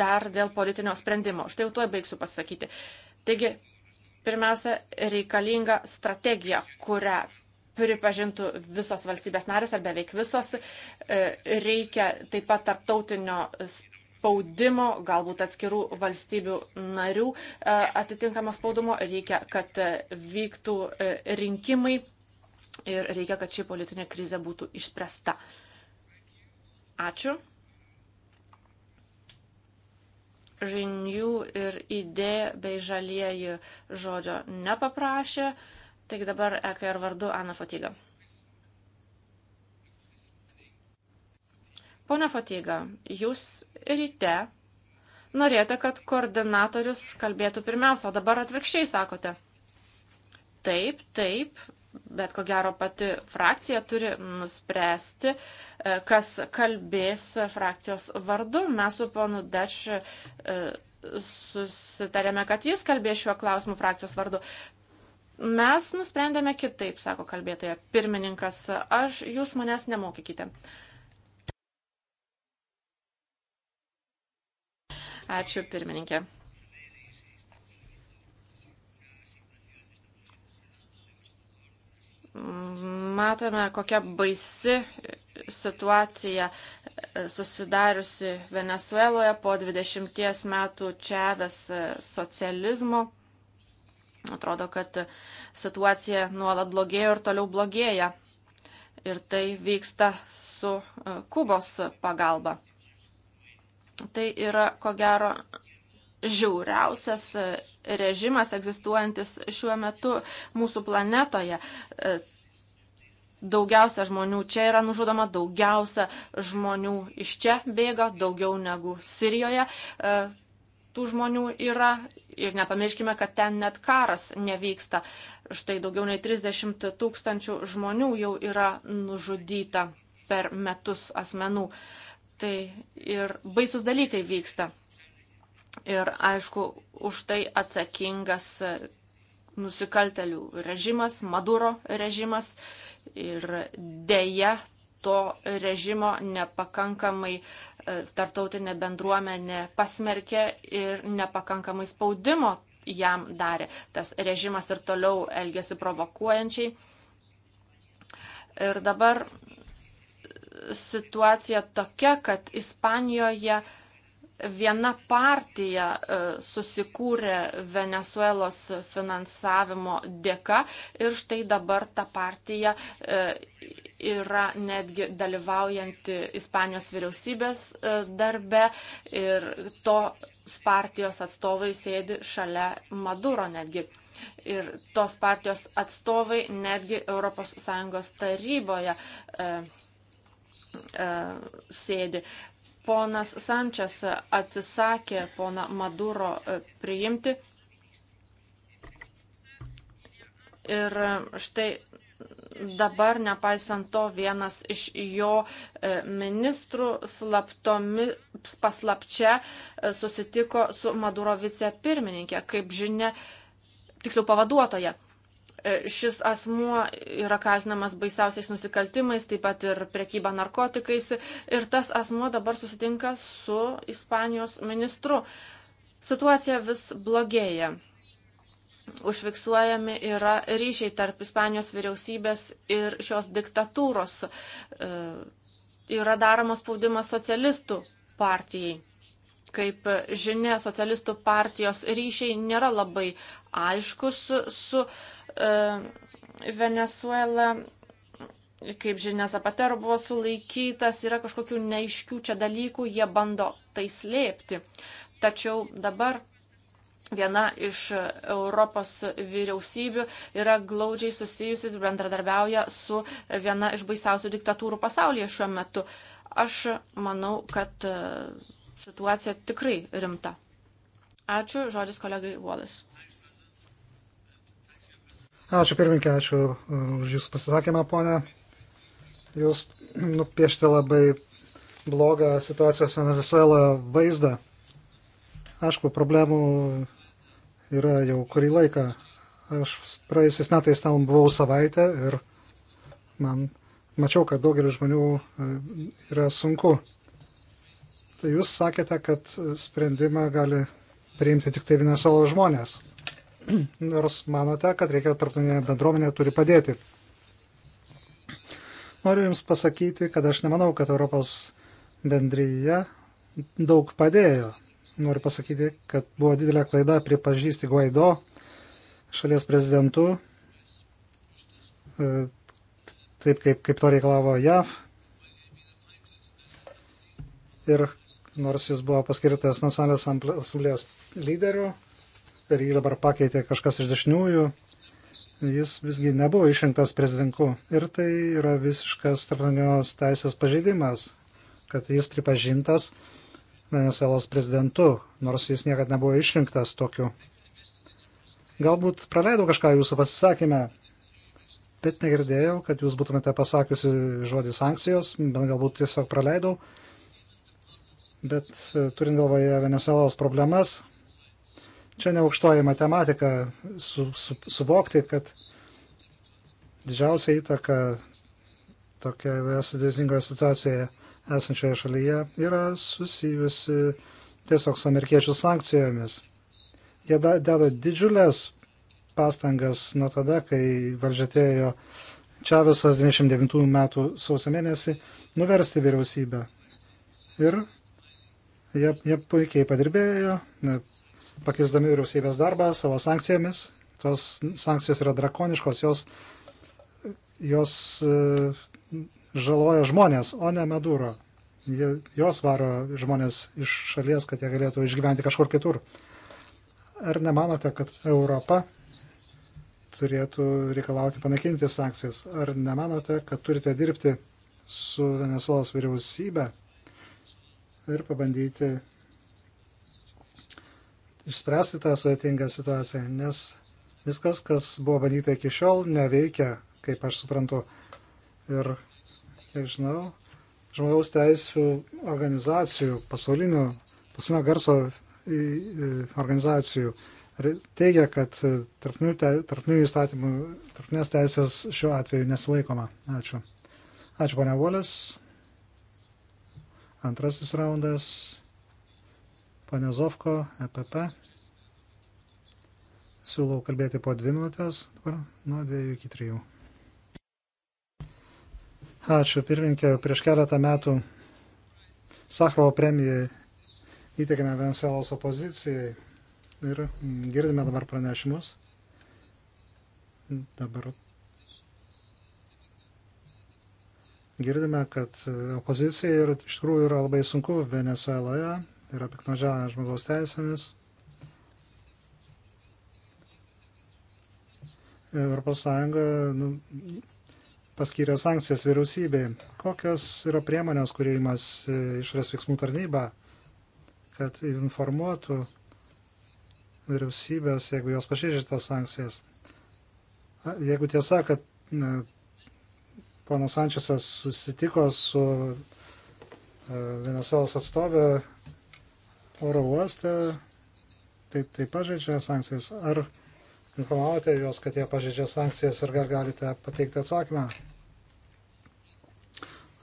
dar dėl politinio sprendimo. Štai jau tuo baigsiu pasakyti. Taigi, pirmiausia, reikalinga strategija, kurią pripažintų visos valstybės narės ar beveik visos. E, reikia taip pat tarptautinio sprendimo spaudimo, galbūt atskirų valstybių narių e, atitinkamo spaudumo, reikia, kad e, vyktų e, rinkimai ir reikia, kad ši politinė krizė būtų išspręsta. Ačiū. Žinių ir idėja bei žalieji žodžio nepaprašė. Taigi dabar EKR vardu Ana Fatiga. Pone Fatyga, jūs ryte norėjote, kad koordinatorius kalbėtų pirmiausia, o dabar atvirkščiai sakote. Taip, taip, bet ko gero pati frakcija turi nuspręsti, e, kas kalbės frakcijos vardu. Mes su ponu Deš e, susitarėme, kad jis kalbės šiuo klausimu frakcijos vardu. Mes nusprendėme kitaip, sako kalbėtoja pirmininkas. Aš jūs manęs nemokykite. Uh, Ačiū pirmininkė. Matome, kokia baisi situacija susidariusi Venezueloje po 20 metų čiavęs socializmo. Atrodo, kad situacija nuolat blogėjo ir toliau blogėja. Ir tai vyksta su Kubos pagalba tai yra, ko gero, žiauriausias režimas egzistuojantis šiuo metu mūsų planetoje. Daugiausia žmonių čia yra nužudoma, daugiausia žmonių iš čia bėga, daugiau negu Sirijoje e, tų žmonių yra. Ir nepamirškime, kad ten net karas nevyksta. Štai daugiau nei 30 tūkstančių žmonių jau yra nužudyta per metus asmenų. Uh, tai ir baisus dalykai vyksta. Ir aišku, už tai atsakingas nusikaltelių režimas, Maduro režimas ir dėja to režimo nepakankamai e, tartautinė bendruomenė pasmerkė ir nepakankamai spaudimo jam darė. Tas režimas ir toliau elgėsi provokuojančiai. Ir dabar situacija tokia, kad Ispanijoje viena partija e, susikūrė Venezuelos finansavimo dėka ir štai dabar ta partija e, yra netgi dalyvaujanti Ispanijos vyriausybės e, darbe ir tos partijos atstovai sėdi šalia Maduro netgi. Ir tos partijos atstovai netgi ES taryboje. E, E, sėdi. Ponas Sančias atsisakė pona Maduro e, priimti. Ir štai dabar, nepaisant to, vienas iš jo e, ministrų slaptomi, paslapčia susitiko su Maduro vicepirmininkė, kaip žinia, tiksliau pavaduotoja. E, šis asmuo yra kaltinamas baisiausiais nusikaltimais, taip pat ir prekyba narkotikais. Ir tas asmuo dabar susitinka su Ispanijos ministru. Situacija vis blogėja. Užfiksuojami yra ryšiai tarp Ispanijos vyriausybės ir šios diktatūros. E, yra daromas spaudimas socialistų partijai. Kaip žinia, socialistų partijos ryšiai nėra labai aiškus su. su E, Venezuela, kaip žinia, Zapatero buvo sulaikytas, yra kažkokių neiškių čia dalykų, jie bando tai slėpti. Tačiau dabar viena iš Europos vyriausybių yra glaudžiai susijusi ir bendradarbiauja su viena iš baisiausių diktatūrų pasaulyje šiuo metu. Aš manau, kad e, situacija tikrai rimta. Ačiū, žodis kolegai Volis. Ačiū pirminkė, ačiū um, už Jūsų pasisakymą, ponė. Jūs nupiešti labai blogą situacijos Venezuela vaizdą. Aišku, problemų yra jau kurį laiką. Aš praėjusiais metais ten buvau savaitę ir man mačiau, kad daugelis žmonių e, yra sunku. Tai jūs sakėte, kad sprendimą gali priimti tik tai Venezuelos žmonės. nors manote, kad reikia tarptautinė bendruomenė turi padėti. Noriu Jums pasakyti, kad aš nemanau, kad Europos bendryje daug padėjo. Noriu pasakyti, kad buvo didelė klaida pripažįsti Guaido šalies prezidentu, e, taip kaip, kaip to reikalavo JAV. Ir nors jis buvo paskirtas nacionalinės asamblėjos lyderiu, ir jį dabar pakeitė kažkas iš dešiniųjų, jis visgi nebuvo išrinktas prezidinku. Ir tai yra visiškas tarptautinios teisės pažeidimas, kad jis pripažintas Venezuelos prezidentu, nors jis niekada nebuvo išrinktas tokiu. Galbūt praleidau kažką jūsų pasisakymę, bet negirdėjau, kad jūs būtumėte pasakiusi žodį sankcijos, bet galbūt tiesiog praleidau. Bet e, turint galvoje Venezuelos problemas, Čia neaukštoji matematika su, su, suvokti, kad didžiausia įtaka tokioje sudėtingoje situacijoje esančioje šalyje yra susijusi tiesiog su amerikiečių sankcijomis. Jie deda didžiulės pastangas nuo tada, kai valdžiatėjo Čiavisas 29 metų sausio mėnesį nuversti vyriausybę. Ir jie, jie puikiai padirbėjo, pakeisdami vyriausybės darbą savo sankcijomis. Tos sankcijos yra drakoniškos, jos, jos e, žaloja žmonės, o ne Maduro. Jos varo žmonės iš šalies, kad jie galėtų išgyventi kažkur kitur. Ar nemanote, kad Europa turėtų reikalauti panaikinti sankcijas? Ar nemanote, kad turite dirbti su Venezuelos vyriausybė ir pabandyti išspręsti tą sudėtingą situaciją, nes viskas, kas buvo bandyta iki šiol, neveikia, kaip aš suprantu. Ir, kiek žinau, žmogaus teisų organizacijų, pasaulinių, pasaulinio garso organizacijų teigia, kad tarpnių, te, tarpnių įstatymų, tarpnės teisės šiuo atveju nesilaikoma. Ačiū. Ačiū, ponia Volis. Antrasis raundas. Pane Zovko, EPP. Siūlau kalbėti po dvi minutės, dabar nuo dviejų iki trijų. Ačiū, pirmininkė. Prieš keletą metų Sakrovo premijai įteikėme Venezuelos opozicijai ir girdime dabar pranešimus. Dabar girdime, kad opozicija ir iš tikrųjų yra labai sunku Venezueloje yra piknaudžiavę žmogaus teisėmis. Europos Sąjunga nu, paskyrė sankcijas vyriausybei. Kokios yra priemonės, kurį įmas išorės veiksmų tarnyba, kad informuotų vyriausybės, jeigu jos pažeidžia tas sankcijas? Jeigu tiesa, kad ne, ponas Sančiasas susitiko su e, Venezuelos atstovė oro uoste, tai taip pažeidžia sankcijas. Ar informavote juos, kad jie pažeidžia sankcijas ir gal galite pateikti atsakymą?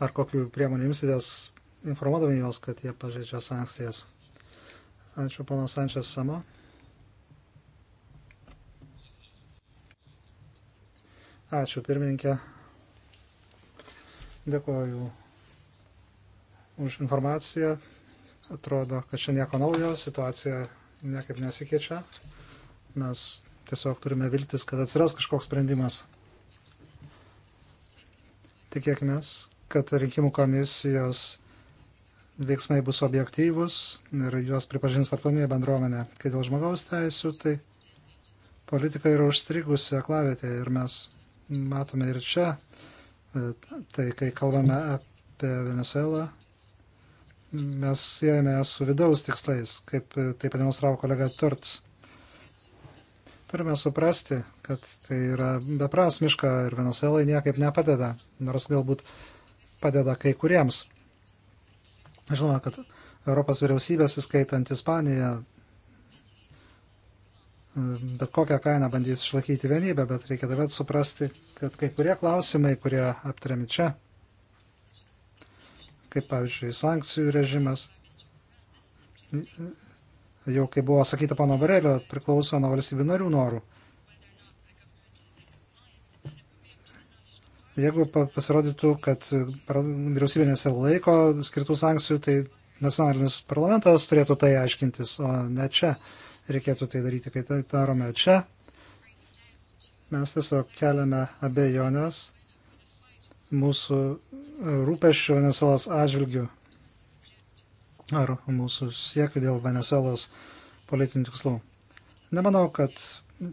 Ar kokiu priemonių imsitės informuodami juos, kad jie pažeidžia sankcijas? Ačiū, ponas Sančias Samo. Ačiū, pirmininkė. Dėkuoju už informaciją. Atrodo, kad čia nieko naujo, situacija niekaip nesikeičia. Mes tiesiog turime viltis, kad atsiras kažkoks sprendimas. Tikėkime, kad rinkimų komisijos veiksmai bus objektyvus ir juos pripažins tarptautinė bendruomenė. Kai dėl žmogaus teisų, tai politika yra užstrigusi aklavietėje ir mes matome ir čia, e, tai kai kalbame apie Venezuelą, mes siejame su vidaus tikslais, kaip taip demonstravo kolega Turts. Turime suprasti, kad tai yra beprasmiška ir Venezuelai niekaip nepadeda, nors galbūt padeda kai kuriems. Žinoma, kad Europos vyriausybės, įskaitant Ispaniją, bet kokią kainą bandys išlaikyti vienybę, bet reikia taip pat suprasti, kad kai kurie klausimai, kurie aptariami čia, kaip pavyzdžiui sankcijų režimas, jau kaip buvo sakyta pono Barelio, priklauso nuo valstybių narių norų. Jeigu pasirodytų, kad vyriausybė nesilaiko skirtų sankcijų, tai nacionalinis parlamentas turėtų tai aiškintis, o ne čia. Reikėtų tai daryti, kai tai darome čia. Mes tiesiog keliame abejonės mūsų rūpeščių Venezuelos atžvilgių ar mūsų siekių dėl Venezuelos politinių tikslų. Nemanau, kad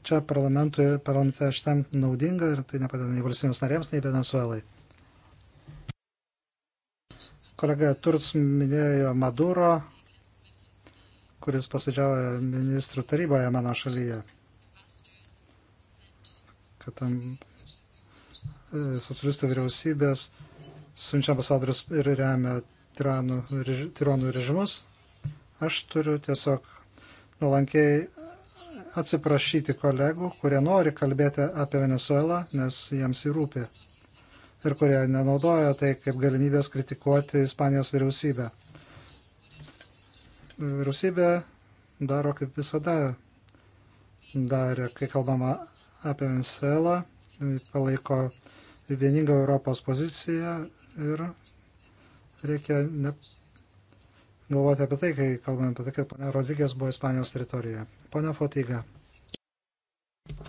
čia parlamentui, parlamente šitam naudinga ir tai nepadeda nei valstybėms narėms, nei Venezuelai. Kolega Turts minėjo Maduro, kuris pasidžiavo ministrų taryboje mano šalyje. Kad tam e, socialistų vyriausybės siunčia ambasadorius ir remia tiranų, reži, tironų režimus, aš turiu tiesiog nuolankiai atsiprašyti kolegų, kurie nori kalbėti apie Venezuelą, nes jiems įrūpi ir kurie nenaudoja tai kaip galimybės kritikuoti Ispanijos vyriausybę. Vyriausybė daro kaip visada darė, kai kalbama apie Venezuelą, palaiko vieningą Europos poziciją Ir reikia ne... galvoti apie tai, kai kalbame apie tai, kad ponia Rodrygės buvo Ispanijos teritorijoje. Pone Fotyga.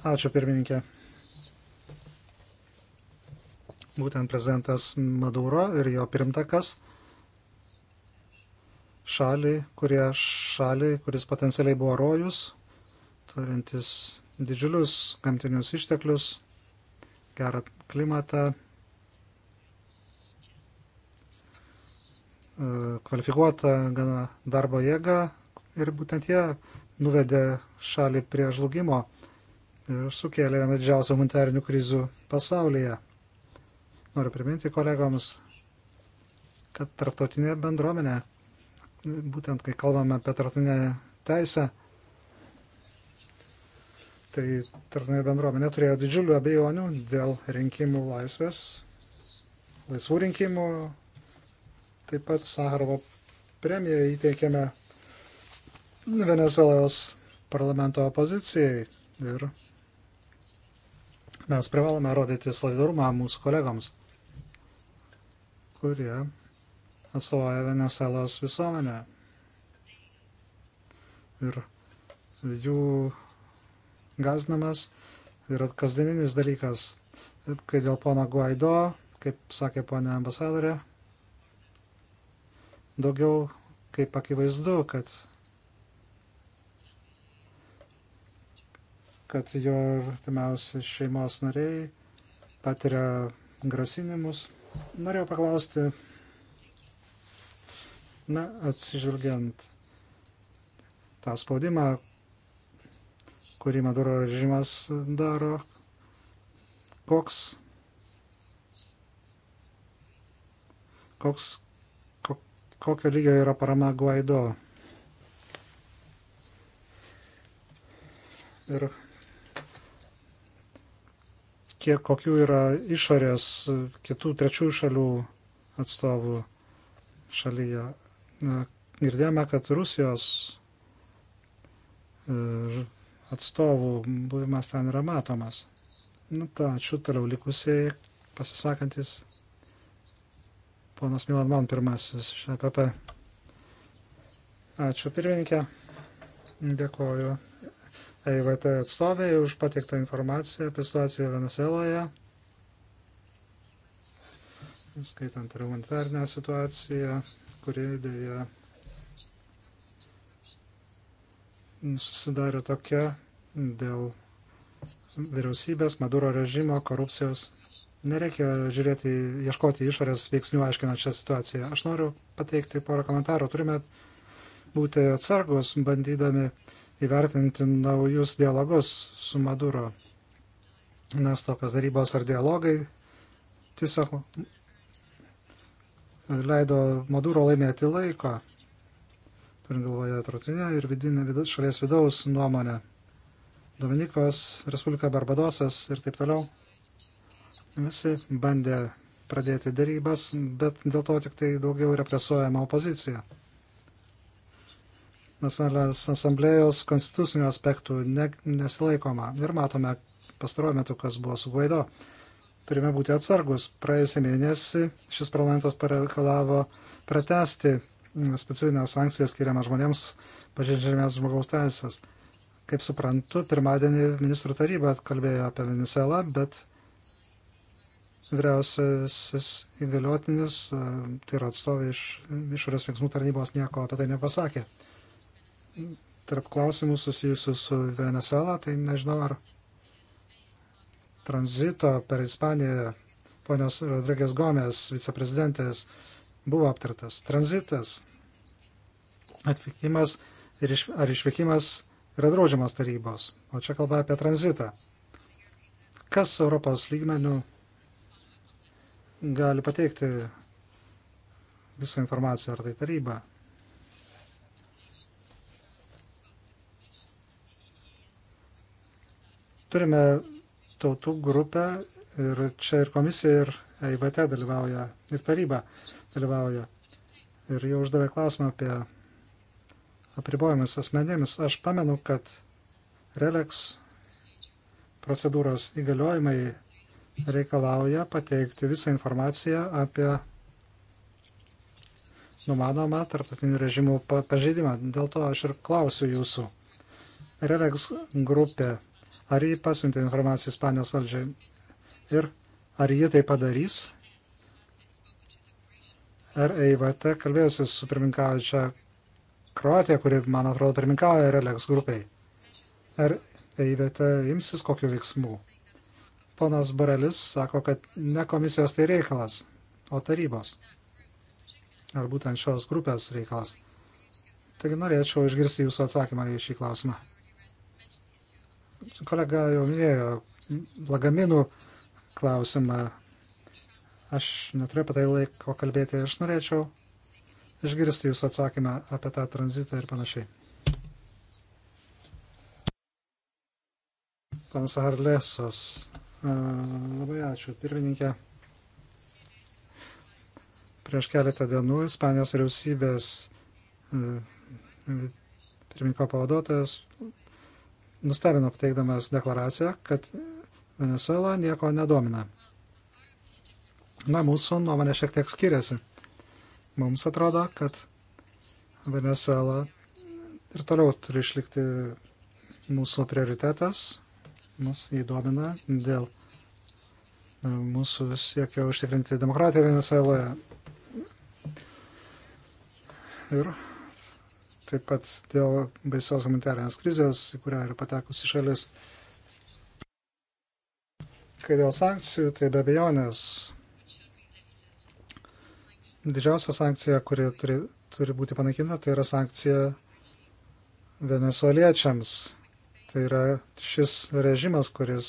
Ačiū pirmininkė. Būtent prezidentas Maduro ir jo pirmtakas šalį, kurie šalį, kuris potencialiai buvo rojus, turintis didžiulius gamtinius išteklius, gerą klimatą, E, kvalifikuotą gana darbo jėgą ir būtent jie nuvedė šalį prie žlugimo ir sukėlė vieną didžiausių humanitarinių krizių pasaulyje. Noriu priminti kolegoms, kad tarptautinė bendruomenė, būtent kai kalbame apie tarptautinę teisę, tai tarptautinė bendruomenė turėjo didžiulių abejonių dėl rinkimų laisvės, laisvų rinkimų Taip pat Sakarovo premiją įteikėme Venezuelos parlamento opozicijai ir mes privalome rodyti solidarumą mūsų kolegoms, kurie atstovauja Venezuelos visuomenę. Ir jų gazinamas yra kasdieninis dalykas. Kai dėl pono Guaido, kaip sakė ponė ambasadorė, daugiau kaip akivaizdu, kad, kad jo artimiausi šeimos nariai patiria grasinimus. Norėjau paklausti, na, atsižvelgiant tą spaudimą, kurį Maduro režimas daro, koks, koks kokio lygio yra parama Guaido. Ir kiek kokių yra išorės kitų trečių šalių atstovų šalyje. Girdėjome, kad Rusijos e, atstovų buvimas ten yra matomas. Na, nu, ta, ačiū toliau likusiai pasisakantis Ponas Milan Man pirmasis iš APP. E Ačiū pirmininkė. Dėkoju EIVT atstoviai už pateiktą informaciją apie situaciją Venezueloje, skaitant ir humanitarinę situaciją, kuri dėja susidarė tokia dėl vyriausybės, Maduro režimo, korupcijos Nereikia žiūrėti, ieškoti išorės veiksnių aiškinant šią situaciją. Aš noriu pateikti porą komentarų. Turime būti atsargus, bandydami įvertinti naujus dialogus su Maduro. Nes tokios darybos ar dialogai tiesiog leido Maduro laimėti laiko, turint galvoje trotinę ir vidinę vid šalies vidaus nuomonę. Dominikos, Respublika Barbadosas ir taip toliau. Visi bandė pradėti darybas, bet dėl to tik tai daugiau represuojama opozicija. Nacionalinės asamblėjos konstitucinių aspektų ne, nesilaikoma. Ir matome pastaruoju metu, kas buvo su Guaido. Turime būti atsargus. Praėjusį mėnesį šis parlamentas pareikalavo pratesti specifinės sankcijas skiriamas žmonėms pažeidžiamės žmogaus teisės. Kaip suprantu, pirmadienį ministrų taryba kalbėjo apie Venezuelą, bet vyriausiasis įgaliotinis, e, tai yra atstovė iš išorės veiksmų tarnybos, nieko apie tai nepasakė. Tarp klausimų susijusių su Venezuela, tai nežinau, ar tranzito per Ispaniją ponios Rodrigės Gomės, viceprezidentės, buvo aptartas. Tranzitas, atvykimas iš, ar išvykimas yra draudžiamas tarybos, o čia kalba apie tranzitą. Kas Europos lygmenių gali pateikti visą informaciją, ar tai taryba. Turime tautų grupę ir čia ir komisija, ir EIVT dalyvauja, ir taryba dalyvauja. Ir jau uždavė klausimą apie apribojimus asmenėmis. Aš pamenu, kad RELEX procedūros įgaliojimai reikalauja pateikti visą informaciją apie numanomą tarptautinių režimų pažeidimą. Dėl to aš ir klausiu jūsų. Relex grupė, ar jį pasiuntė informaciją Ispanijos valdžiai ir ar jį tai padarys? Ar EIVT kalbėjusi su pirminkaujančia Kroatija, kuri, man atrodo, pirminkauja Relex grupiai? Ar EIVT imsis kokiu veiksmu? Ponas Borelis sako, kad ne komisijos tai reikalas, o tarybos. Ar būtent šios grupės reikalas. Taigi norėčiau išgirsti jūsų atsakymą į šį klausimą. Kolega jau minėjo lagaminų klausimą. Aš neturiu apie tai laiko kalbėti. Aš norėčiau išgirsti jūsų atsakymą apie tą tranzitą ir panašiai. Panas Arlesos. Labai ačiū, pirmininkė. Prieš keletą dienų Ispanijos vyriausybės e, pirmininko pavaduotojas nustebino pateikdamas deklaraciją, kad Venezuela nieko nedomina. Na, mūsų nuomonė šiek tiek skiriasi. Mums atrodo, kad Venezuela ir toliau turi išlikti mūsų prioritetas mus įdomina dėl mūsų siekio užtikrinti demokratiją Venezueloje. Ir taip pat dėl baisios humanitarinės krizės, į kurią yra patekusi šalis. Kai dėl sankcijų, tai be abejonės didžiausia sankcija, kuri turi, turi būti panaikinta, tai yra sankcija venezueliečiams Tai yra šis režimas, kuris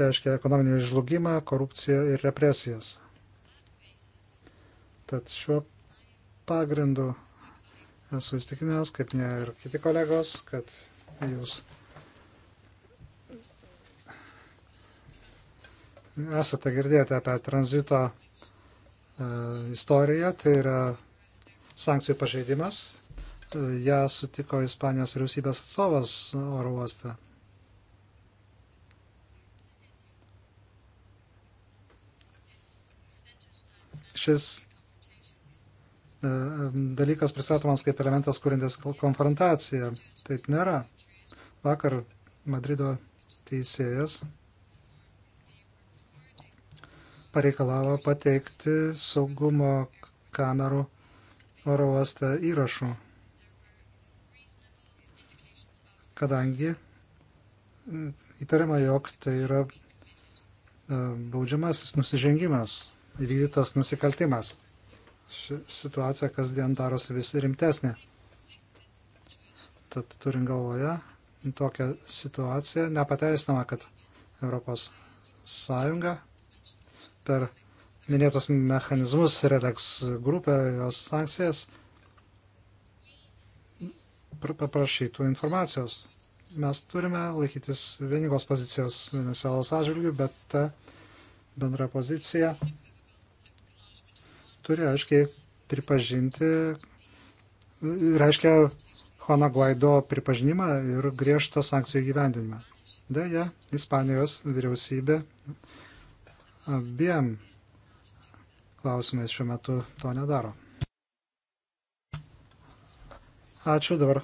reiškia ekonominį žlugimą, korupciją ir represijas. Tad šiuo pagrindu esu įstikinęs, kaip ne ir kiti kolegos, kad jūs esate girdėti apie tranzito e, istoriją, tai yra sankcijų pažeidimas ją sutiko Ispanijos vyriausybės atstovas oro uoste. Šis e, dalykas pristatomas kaip elementas kūrintis konfrontaciją. Taip nėra. Vakar Madrido teisėjas pareikalavo pateikti saugumo kamerų oro uoste įrašų. kadangi e, įtariama, jog tai yra e, baudžiamasis nusižengimas, įvykdytas nusikaltimas. Ši situacija kasdien darosi vis rimtesnė. Tad turint galvoje tokią situaciją, nepateisinama, kad Europos Sąjunga per minėtos mechanizmus, RELEX grupę, jos sankcijas paprašytų informacijos. Mes turime laikytis vieningos pozicijos Venezuelos atžvilgių, bet ta bendra pozicija turi aiškiai pripažinti, reiškia Juana Guaido pripažinimą ir griežtą sankcijų gyvendinimą. Deja, Ispanijos vyriausybė abiem klausimais šiuo metu to nedaro. Ačiū dabar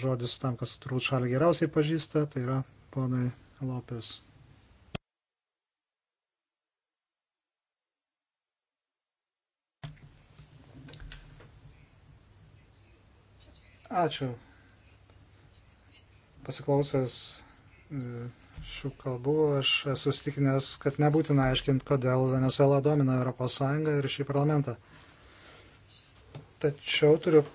žodis tam, kas turbūt šalį geriausiai pažįsta, tai yra ponai Lopės. Ačiū. Pasiklausęs e, šių kalbų, aš esu stikinęs, kad nebūtina aiškinti, kodėl Venezuela domina ES ir šį parlamentą. Tačiau turiu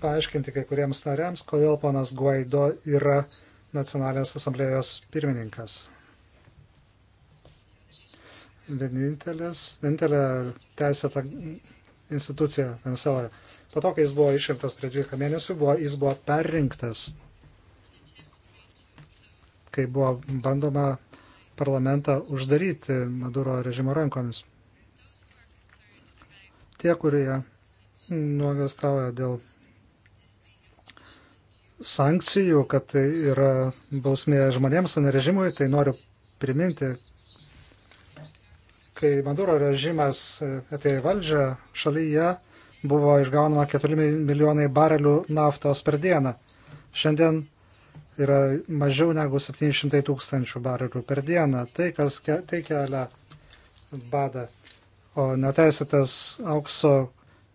paaiškinti kai kuriems nariams, kodėl ponas Guaido yra nacionalinės asamblėjos pirmininkas. Vienintelis, vienintelė teisėta institucija Venezueloje. Po to, kai jis buvo išrinktas prie 12 mėnesių, buvo, jis buvo perrinktas, kai buvo bandoma parlamentą uždaryti Maduro režimo rankomis. Tie, kurie nuogastavoja dėl sankcijų, kad tai yra bausmė žmonėms, o ne režimui, tai noriu priminti, kai Maduro režimas atėjo į valdžią, šalyje buvo išgaunama 4 milijonai barelių naftos per dieną. Šiandien yra mažiau negu 700 tūkstančių barelių per dieną. Tai, kas ke, tai kelia badą. O neteisėtas aukso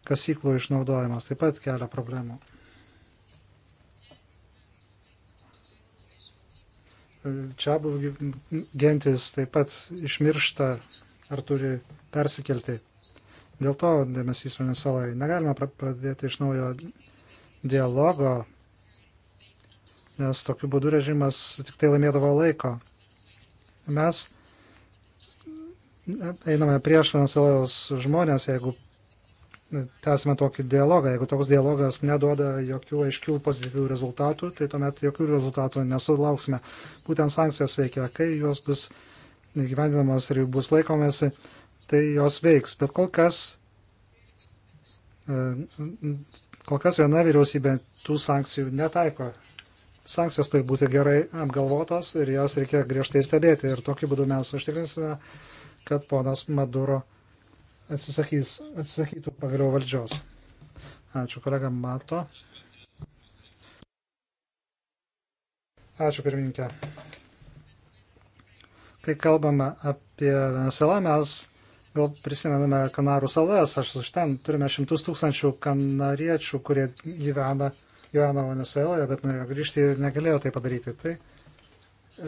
kasyklų išnaudojimas taip pat kelia problemų. čia buvų gentis taip pat išmiršta ar turi persikelti. Dėl to dėmesys Venezuelai. Negalima pradėti iš naujo dialogo, nes tokiu būdu režimas tik tai laimėdavo laiko. Mes einame prieš Venezuelos žmonės, jeigu tęsime tokį dialogą. Jeigu toks dialogas neduoda jokių aiškių pozityvių rezultatų, tai tuomet jokių rezultatų nesulauksime. Būtent sankcijos veikia, kai jos bus gyvendinamos ir jų bus laikomasi, tai jos veiks. Bet kol kas, e, kol kas viena vyriausybė tų sankcijų netaiko. Sankcijos turi būti gerai apgalvotos ir jas reikia griežtai stebėti. Ir tokiu būdu mes užtikrinsime, kad ponas Maduro atsisakys, atsisakytų pagaliau valdžios. Ačiū, kolega Mato. Ačiū, pirmininkė. Kai kalbame apie Venezuelą, mes gal prisimename Kanarų salas, aš iš ten turime šimtus tūkstančių kanariečių, kurie gyvena, gyvena Venezueloje, bet norėjo grįžti ir negalėjo tai padaryti. Tai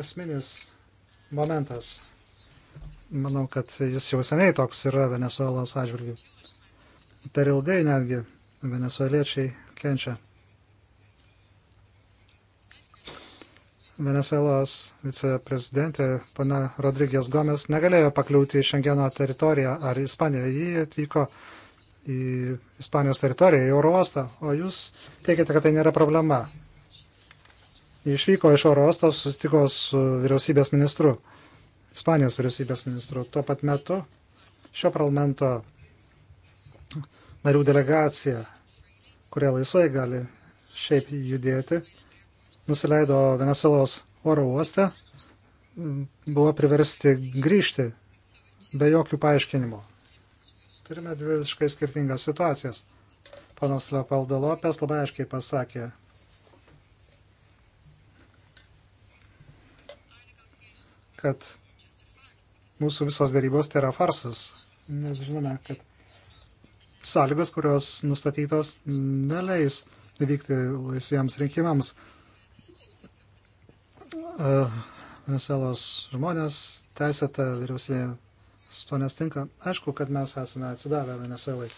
esminis momentas. Manau, kad jis jau seniai toks yra Venezuelos atžvilgių. Per ilgai netgi venezueliečiai kenčia. Venezuelos viceprezidentė pana Rodrygės Gomes negalėjo pakliūti į Šengeno teritoriją ar Ispaniją. Ji atvyko į Ispanijos teritoriją, į oro uostą, o jūs teikiate, kad tai nėra problema. Ji išvyko iš oro uosto, susitiko su vyriausybės ministru. Ispanijos vyriausybės ministru. Tuo pat metu šio parlamento narių delegacija, kurie laisvai gali šiaip judėti, nusileido Venezuelos oro uoste, buvo priversti grįžti be jokių paaiškinimų. Turime dvi visiškai skirtingas situacijas. Panas Leopoldo Lopes labai aiškiai pasakė, kad mūsų visos darybos tai yra farsas, nes žinome, kad sąlygos, kurios nustatytos, neleis vykti laisviems rinkimams. Venezuelos žmonės teisėta vyriausybė su to nestinka. Aišku, kad mes esame atsidavę Venezuelai,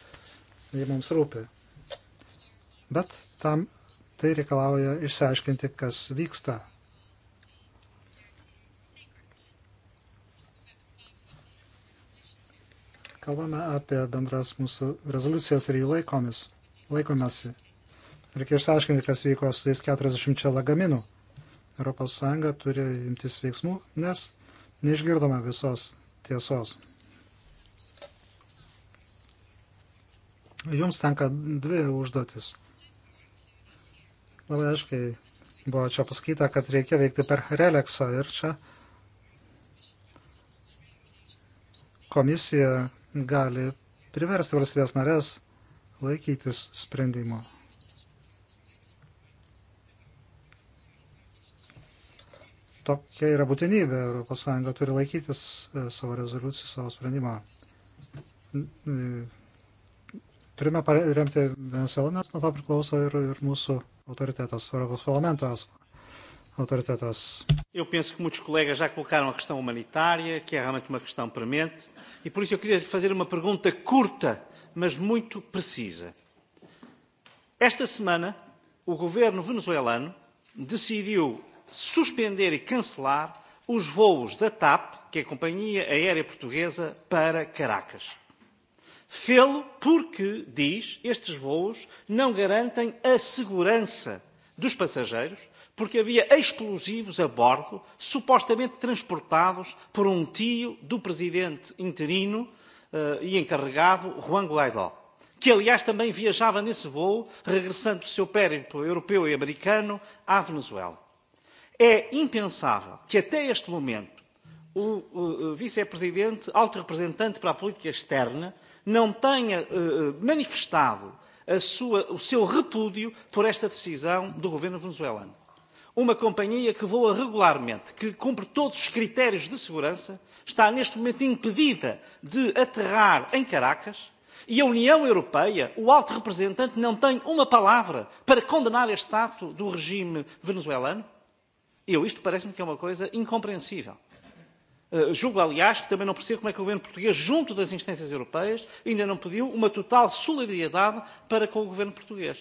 jie mums rūpi. Bet tam tai reikalauja išsiaiškinti, kas vyksta Kalbame apie bendras mūsų rezoliucijas ir jų laikomis, laikomasi. Reikia išsiaiškinti, kas vyko su tais 40 lagaminų. ES turi imtis veiksmų, nes neišgirdome visos tiesos. Jums tenka dvi užduotis. Labai aiškiai buvo čia pasakyta, kad reikia veikti per relaksą ir čia komisija gali priversti valstybės narės laikytis sprendimo. Tokia yra būtinybė. ES turi laikytis e, savo rezoliucijų, savo sprendimą. E, turime paremti Venezuelą, nes nuo to priklauso ir, ir mūsų autoritetas, Europos parlamentas autoritetas. Eu penso que muitos colegas já colocaram a questão humanitária, que é realmente uma questão premente, e por isso eu queria lhe fazer uma pergunta curta, mas muito precisa. Esta semana, o governo venezuelano decidiu suspender e cancelar os voos da TAP, que é a companhia aérea portuguesa, para Caracas. Fê-lo porque, diz, estes voos não garantem a segurança dos passageiros porque havia explosivos a bordo, supostamente transportados por um tio do presidente interino uh, e encarregado, Juan Guaidó, que aliás também viajava nesse voo, regressando do seu périplo europeu e americano à Venezuela. É impensável que até este momento o, o, o vice-presidente, alto representante para a política externa, não tenha uh, manifestado a sua, o seu repúdio por esta decisão do governo venezuelano uma companhia que voa regularmente, que cumpre todos os critérios de segurança, está neste momento impedida de aterrar em Caracas e a União Europeia, o alto representante, não tem uma palavra para condenar este ato do regime venezuelano? Eu, isto parece-me que é uma coisa incompreensível. Uh, julgo, aliás, que também não percebo como é que o governo português, junto das instâncias europeias, ainda não pediu uma total solidariedade para com o governo português.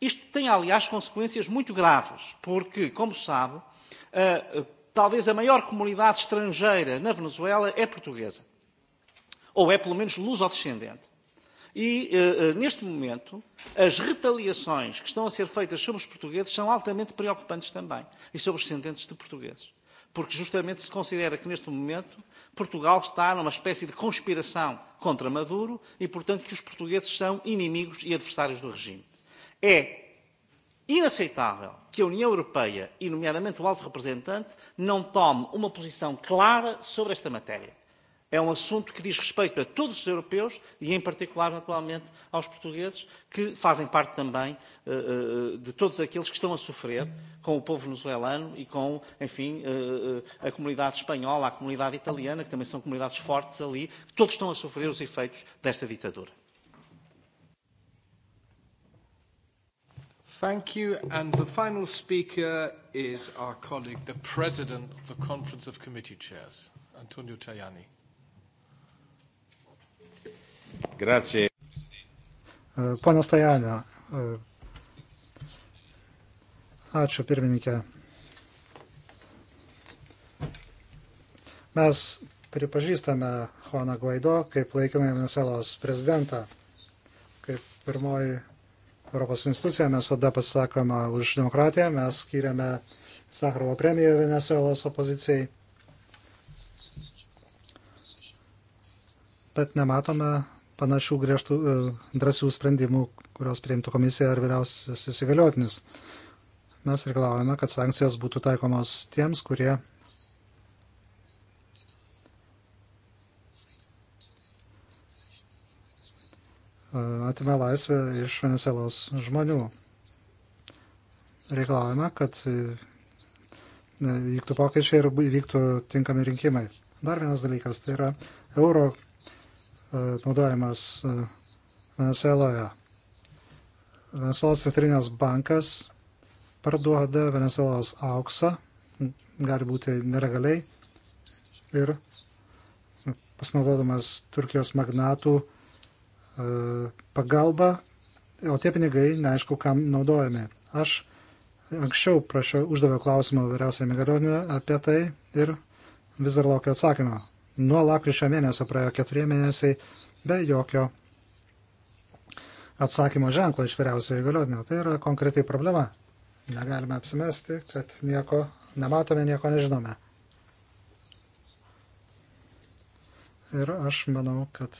Isto tem, aliás, consequências muito graves, porque, como sabe, eh, talvez a maior comunidade estrangeira na Venezuela é portuguesa, ou é pelo menos luso-descendente. E, eh, eh, neste momento, as retaliações que estão a ser feitas sobre os portugueses são altamente preocupantes também, e sobre os descendentes de portugueses porque justamente se considera que neste momento Portugal está numa espécie de conspiração contra Maduro e, portanto, que os portugueses são inimigos e adversários do regime. É inaceitável que a União Europeia, e nomeadamente o Alto Representante, não tome uma posição clara sobre esta matéria. É um assunto que diz respeito a todos os europeus e, em particular, naturalmente, aos portugueses, que fazem parte também uh, de todos aqueles que estão a sofrer com o povo venezuelano e com, enfim, uh, a comunidade espanhola, a comunidade italiana, que também são comunidades fortes ali, que todos estão a sofrer os efeitos desta ditadura. Thank you. And the final speaker is our colleague, the President of the Conference of Committee Chairs, Antonio Tajani. Grazie. E, ponas Tajanio, e, ačiū pirmininkė. Mes pripažįstame Juaną Guaido kaip laikinai Venezuelos prezidentą, kaip pirmoji Europos instituciją, mes tada pasisakome už demokratiją, mes skiriame Sakrovo premiją Venezuelos opozicijai. Bet nematome panašių griežtų, e, drąsių sprendimų, kurios priimtų komisija ar vyriausias įsigaliotinis. Mes reikalavome, kad sankcijos būtų taikomos tiems, kurie atime laisvę iš Venezuelos žmonių. Reikalavome, kad e, e, vyktų pokyčiai ir vyktų tinkami rinkimai. Dar vienas dalykas tai yra euro e, naudojimas Venezueloje. Venezuelos centrinės bankas parduoda Venezuelos auksą, gali būti nelegaliai ir pasinaudodamas Turkijos magnatų uh, E, pagalbą, o tie pinigai neaišku, kam naudojami. Aš anksčiau prašiau, uždaviau klausimą vyriausiai migalioniui apie tai ir vis dar laukia atsakymą. Nuo lakryčio mėnesio praėjo keturi mėnesiai be jokio atsakymo ženklą iš vyriausiojo įgaliotinio. Tai yra konkretai problema. Negalime apsimesti, kad nieko nematome, nieko nežinome. Ir aš manau, kad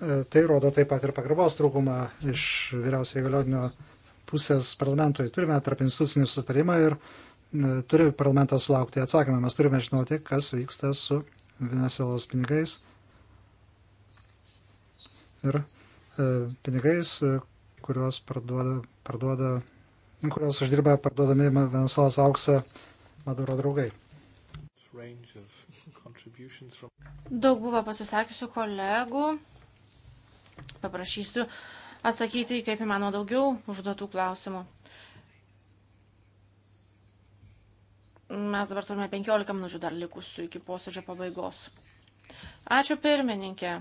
Tai rodo taip pat ir pagarbos trūkumą iš vyriausiojo įgaliotinio pusės parlamentui. Turime tarp institucinį sutarimą ir e, turi parlamentas laukti atsakymą. Mes turime žinoti, kas vyksta su Venezuelos pinigais ir e, pinigais, e, kuriuos parduoda, parduoda kuriuos uždirba parduodami Venezuelos auksą Maduro draugai. Daug buvo pasisakiusių kolegų. Paprašysiu atsakyti, kaip įmano daugiau užduotų klausimų. Mes dabar turime 15 minučių dar likusių iki posėdžio pabaigos. Ačiū pirmininkė.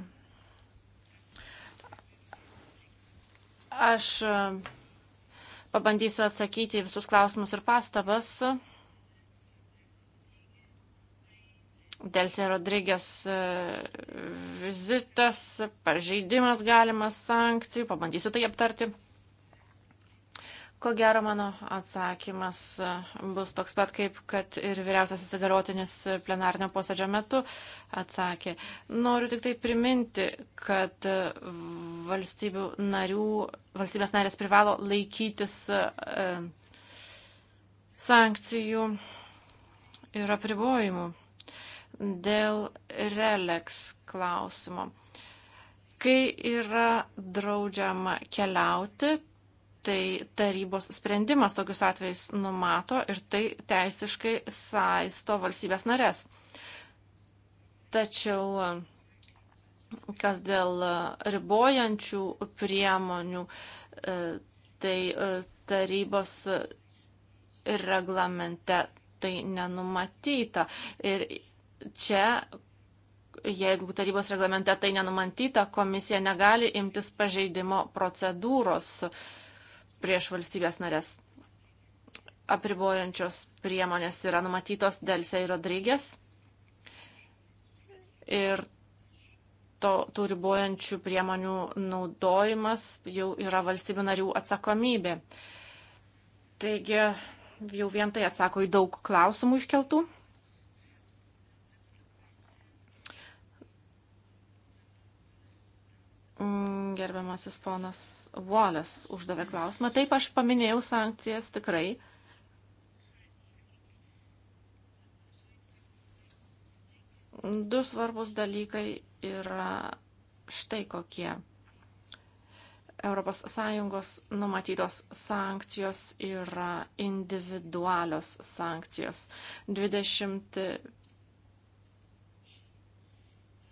Aš pabandysiu atsakyti visus klausimus ir pastabas. Delsė Rodrygės e, vizitas, pažeidimas galimas sankcijų, pabandysiu tai aptarti. Ko gero mano atsakymas e, bus toks pat, kaip kad ir vyriausias įsigaliotinis plenarnio posėdžio metu atsakė. Noriu tik tai priminti, kad e, valstybių narių, valstybės narės privalo laikytis sankcijų ir apribojimų. Dėl releks klausimo. Kai yra draudžiama keliauti, tai tarybos sprendimas tokius atvejus numato ir tai teisiškai saisto valstybės narės. Tačiau kas dėl ribojančių priemonių, e, tai e, tarybos reglamente tai nenumatyta. Ir čia, jeigu tarybos reglamente tai nenumantyta, komisija negali imtis pažeidimo procedūros prieš valstybės narės. Apribojančios priemonės yra numatytos Delsė ir Rodrygės. Ir to, tų ribojančių priemonių naudojimas jau yra valstybių narių atsakomybė. Taigi jau vien tai atsako į daug klausimų iškeltų. Mm, gerbiamasis ponas Volas uždavė klausimą. Taip, aš paminėjau sankcijas tikrai. Du svarbus dalykai yra štai kokie. ES numatytos sankcijos yra individualios sankcijos. 25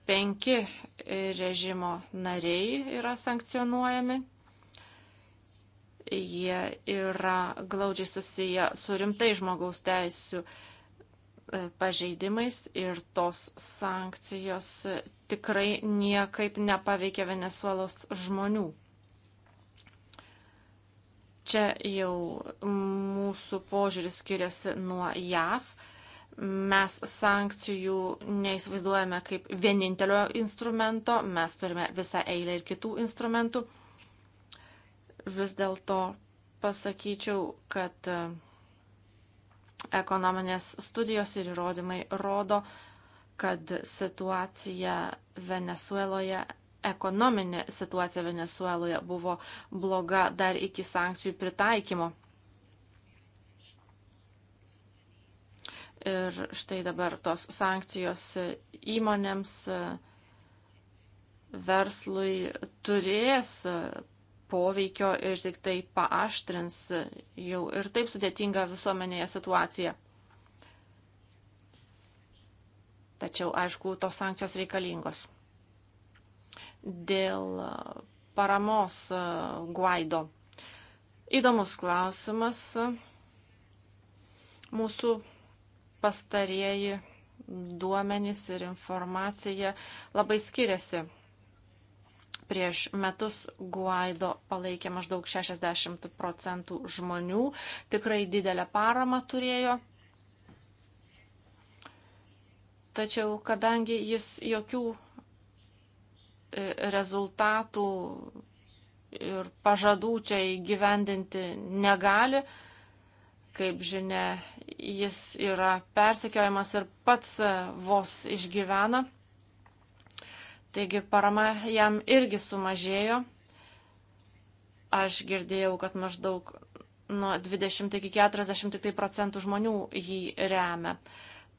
penki režimo nariai yra sankcionuojami. Jie yra glaudžiai susiję su rimtai žmogaus teisų e, pažeidimais ir tos sankcijos tikrai niekaip nepaveikia Venezuelos žmonių. Čia jau mūsų požiūris skiriasi nuo JAV mes sankcijų neįsivaizduojame kaip vienintelio instrumento, mes turime visą eilę ir kitų instrumentų. Vis dėlto pasakyčiau, kad e, ekonominės studijos ir įrodymai rodo, kad situacija Venezueloje, ekonominė situacija Venezueloje buvo bloga dar iki sankcijų pritaikymo. Ir štai dabar tos sankcijos įmonėms, verslui turės poveikio ir tik tai paaštrins jau ir taip sudėtingą visuomenėje situaciją. Tačiau, aišku, tos sankcijos reikalingos. Dėl paramos e, Guaido. Įdomus klausimas. Mūsų pastarieji duomenys ir informacija labai skiriasi. Prieš metus Guaido palaikė maždaug 60 procentų žmonių, tikrai didelę paramą turėjo. Tačiau kadangi jis jokių e, rezultatų ir pažadų čia įgyvendinti negali, Kaip žinia, jis yra persekiojamas ir pats e, vos išgyvena. Taigi parama jam irgi sumažėjo. Aš girdėjau, kad maždaug nuo 20 iki 40 tai procentų žmonių jį remia.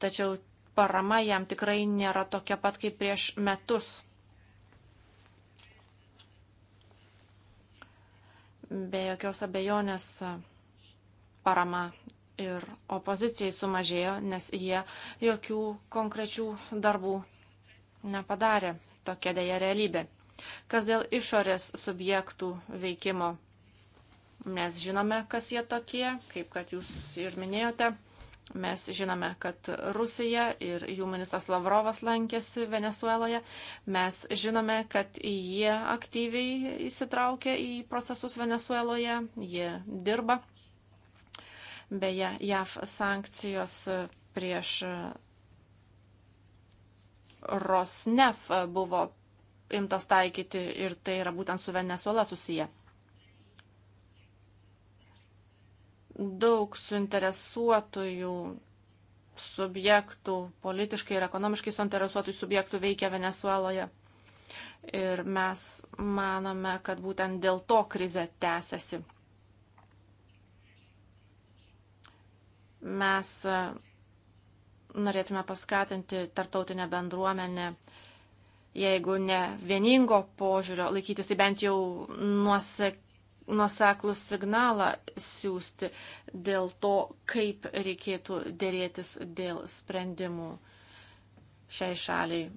Tačiau parama jam tikrai nėra tokia pat kaip prieš metus. Be jokios abejonės parama ir opozicijai sumažėjo, nes jie jokių konkrečių darbų nepadarė. Tokia dėja realybė. Kas dėl išorės subjektų veikimo, mes žinome, kas jie tokie, kaip kad jūs ir minėjote. Mes žinome, kad Rusija ir jų ministras Lavrovas lankėsi Venezueloje. Mes žinome, kad jie aktyviai įsitraukia į procesus Venezueloje, jie dirba Beje, JAV sankcijos prieš Rosnef buvo imtos taikyti ir tai yra būtent su Venezuela susiję. Daug suinteresuotųjų subjektų, politiškai ir ekonomiškai suinteresuotųjų subjektų veikia Venezueloje. Ir mes manome, kad būtent dėl to krize tęsiasi. Mes e, norėtume paskatinti tartautinę bendruomenę, jeigu ne vieningo požiūrio laikytis, tai bent jau nuosek, nuoseklų signalą siūsti dėl to, kaip reikėtų dėrėtis dėl sprendimų šiai šaliai.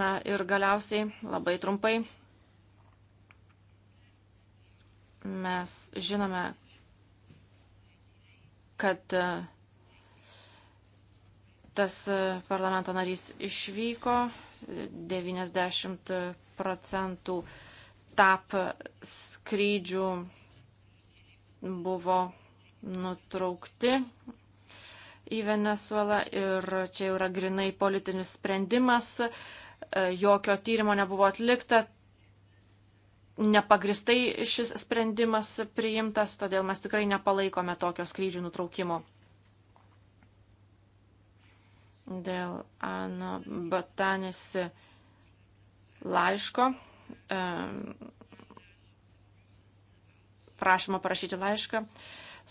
Na ir galiausiai, labai trumpai, mes žinome, kad e, tas e, parlamento narys išvyko, 90 procentų tap skrydžių buvo nutraukti į Venezuelą ir čia jau yra grinai politinis sprendimas, e, jokio tyrimo nebuvo atlikta, nepagristai šis sprendimas priimtas, todėl mes tikrai nepalaikome tokio skrydžių nutraukimo. Dėl Ana Batanis laiško. E, Prašymą parašyti laišką.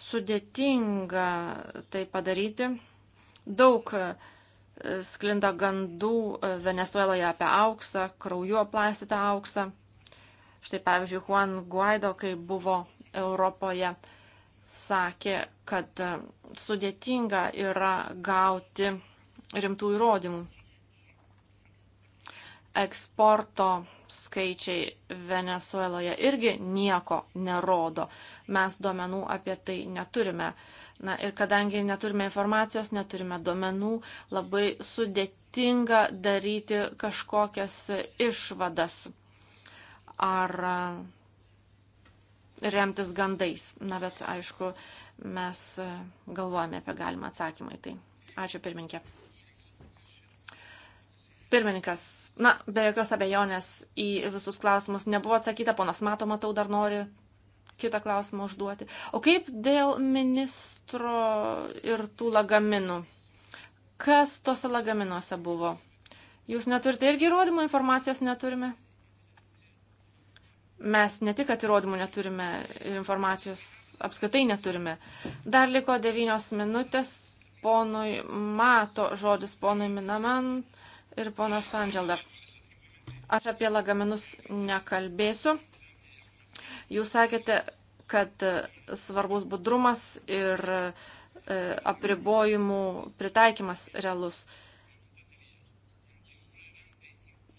Sudėtinga tai padaryti. Daug e, sklinda gandų e, Venezueloje apie auksą, krauju aplastytą auksą. Štai pavyzdžiui, Juan Guaido, kai buvo Europoje, sakė, kad e, sudėtinga yra gauti rimtų įrodymų. Eksporto skaičiai Venezueloje irgi nieko nerodo. Mes duomenų apie tai neturime. Na ir kadangi neturime informacijos, neturime duomenų, labai sudėtinga daryti kažkokias išvadas ar remtis gandais. Na, bet aišku, mes galvojame apie galimą atsakymą į tai. Ačiū pirmininkė. Pirmininkas, na, be jokios abejonės į visus klausimus nebuvo atsakyta, ponas Mato, matau, dar nori kitą klausimą užduoti. O kaip dėl ministro ir tų lagaminų? Kas tuose lagaminuose buvo? Jūs neturite irgi įrodymų, informacijos neturime? mes ne tik, kad įrodymų neturime ir informacijos apskritai neturime. Dar liko devynios minutės. Ponui mato žodis, ponui Minaman ir ponas Andžel dar. Aš apie lagaminus nekalbėsiu. Jūs sakėte, kad svarbus budrumas ir e, apribojimų pritaikymas realus.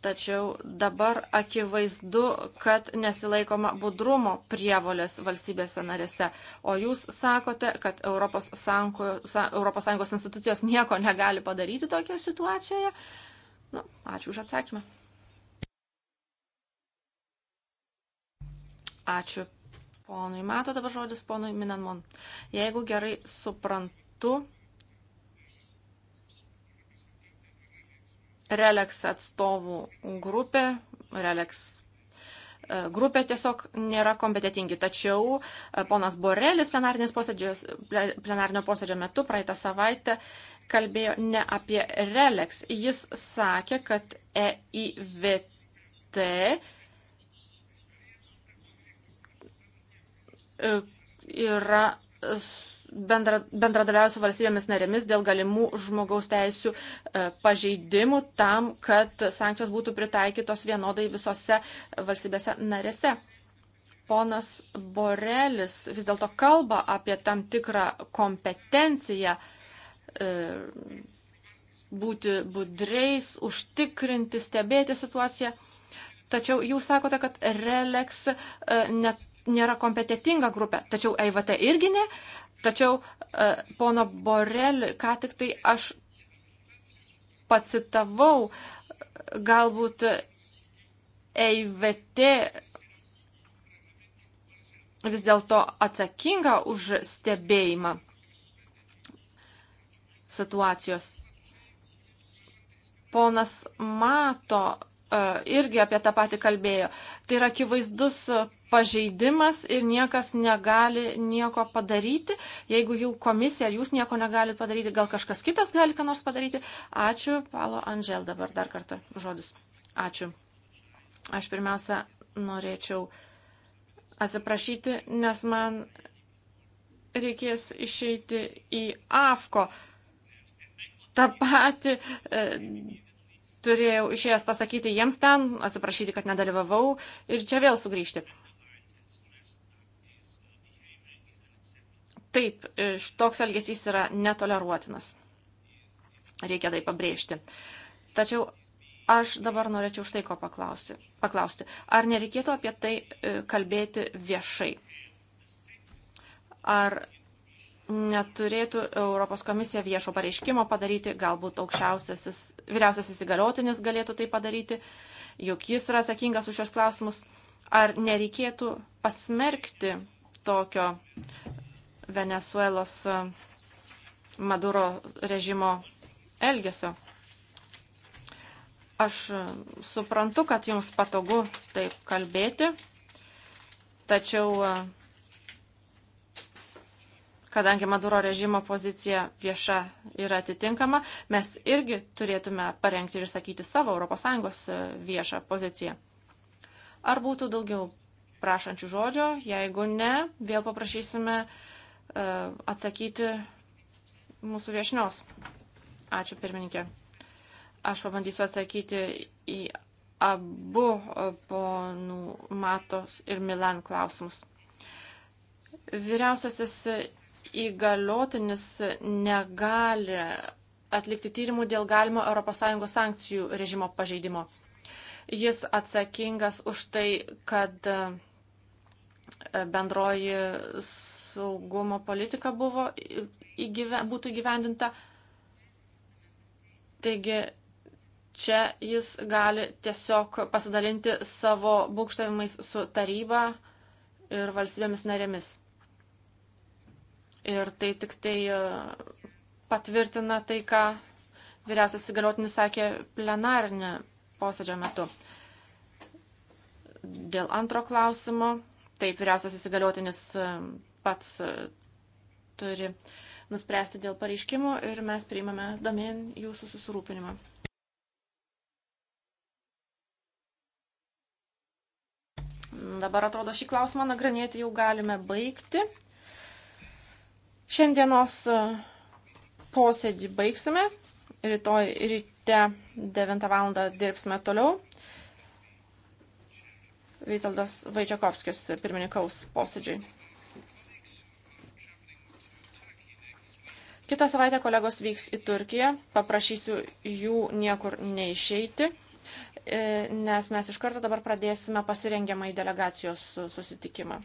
Tačiau dabar akivaizdu, kad nesilaikoma budrumo prievolės valstybėse narėse. O jūs sakote, kad ES, ES institucijos nieko negali padaryti tokioje situacijoje? Nu, ačiū už atsakymą. Ačiū ponui. Mato dabar žodis ponui Minanmon. Jeigu gerai suprantu, Relex atstovų grupė, Relex e, grupė tiesiog nėra kompetitingi. Tačiau e, ponas Borelis plenarnio posėdžio metu praeitą savaitę kalbėjo ne apie Relex. Jis sakė, kad EIVT e, yra bendra, bendradarbiauja su valstybėmis narėmis dėl galimų žmogaus teisų e, pažeidimų tam, kad sankcijos būtų pritaikytos vienodai visose valstybėse narėse. Ponas Borelis vis dėlto kalba apie tam tikrą kompetenciją e, būti budreis, užtikrinti, stebėti situaciją. Tačiau jūs sakote, kad Relex e, net nėra kompetitinga grupė, tačiau EIVT irgi ne. Tačiau e, pono Borel, ką tik tai aš pacitavau, galbūt EIVT vis dėlto atsakinga už stebėjimą situacijos. Ponas Mato e, irgi apie tą patį kalbėjo. Tai yra akivaizdus pažeidimas ir niekas negali nieko padaryti. Jeigu jų komisija, jūs nieko negalite padaryti, gal kažkas kitas gali ką nors padaryti. Ačiū, Palo Andžel, dabar dar kartą žodis. Ačiū. Aš pirmiausia norėčiau atsiprašyti, nes man reikės išeiti į AFKO. Ta pati e, turėjau išėjęs pasakyti jiems ten, atsiprašyti, kad nedalyvavau ir čia vėl sugrįžti. Taip, e, toks elgesys yra netoleruotinas. Reikia tai pabrėžti. Tačiau aš dabar norėčiau štai ko paklausti. paklausti. Ar nereikėtų apie tai e, kalbėti viešai? Ar neturėtų Europos komisija viešo pareiškimo padaryti, galbūt aukščiausiasis, vyriausiasis įgaliotinis galėtų tai padaryti, juk jis yra atsakingas už šios klausimus. Ar nereikėtų pasmerkti tokio Venezuelos e, Maduro režimo elgesio. Aš e, suprantu, kad jums patogu taip kalbėti, tačiau e, kadangi Maduro režimo pozicija vieša yra atitinkama, mes irgi turėtume parengti ir sakyti savo ES viešą poziciją. Ar būtų daugiau prašančių žodžio? Jeigu ne, vėl paprašysime uh, E, atsakyti mūsų viešnios. Ačiū pirmininkė. Aš pabandysiu atsakyti į abu e, ponų Matos ir Milan klausimus. Vyriausiasis įgaliotinis negali atlikti tyrimų dėl galimo ES sankcijų režimo pažeidimo. Jis atsakingas už tai, kad e, bendroji saugumo politika buvo įgyve, būtų įgyvendinta. Taigi čia jis gali tiesiog pasidalinti savo būkštavimais su taryba ir valstybėmis narėmis. Ir tai tik tai e, patvirtina tai, ką vyriausias įgaliotinis sakė plenarinė posėdžio metu. Dėl antro klausimo, taip, vyriausias įsigaliotinis e, pats e, turi nuspręsti dėl pareiškimų ir mes priimame domen jūsų susirūpinimą. Dabar atrodo šį klausimą nagrinėti jau galime baigti. Šiandienos e, posėdį baigsime. Rytoj ryte 9 val. dirbsime toliau. Vytaldas Vaidžiakovskis pirmininkaus posėdžiui. Kitą savaitę kolegos vyks į Turkiją, paprašysiu jų niekur neišeiti, e, nes mes iš karto dabar pradėsime pasirengiamą į delegacijos susitikimą.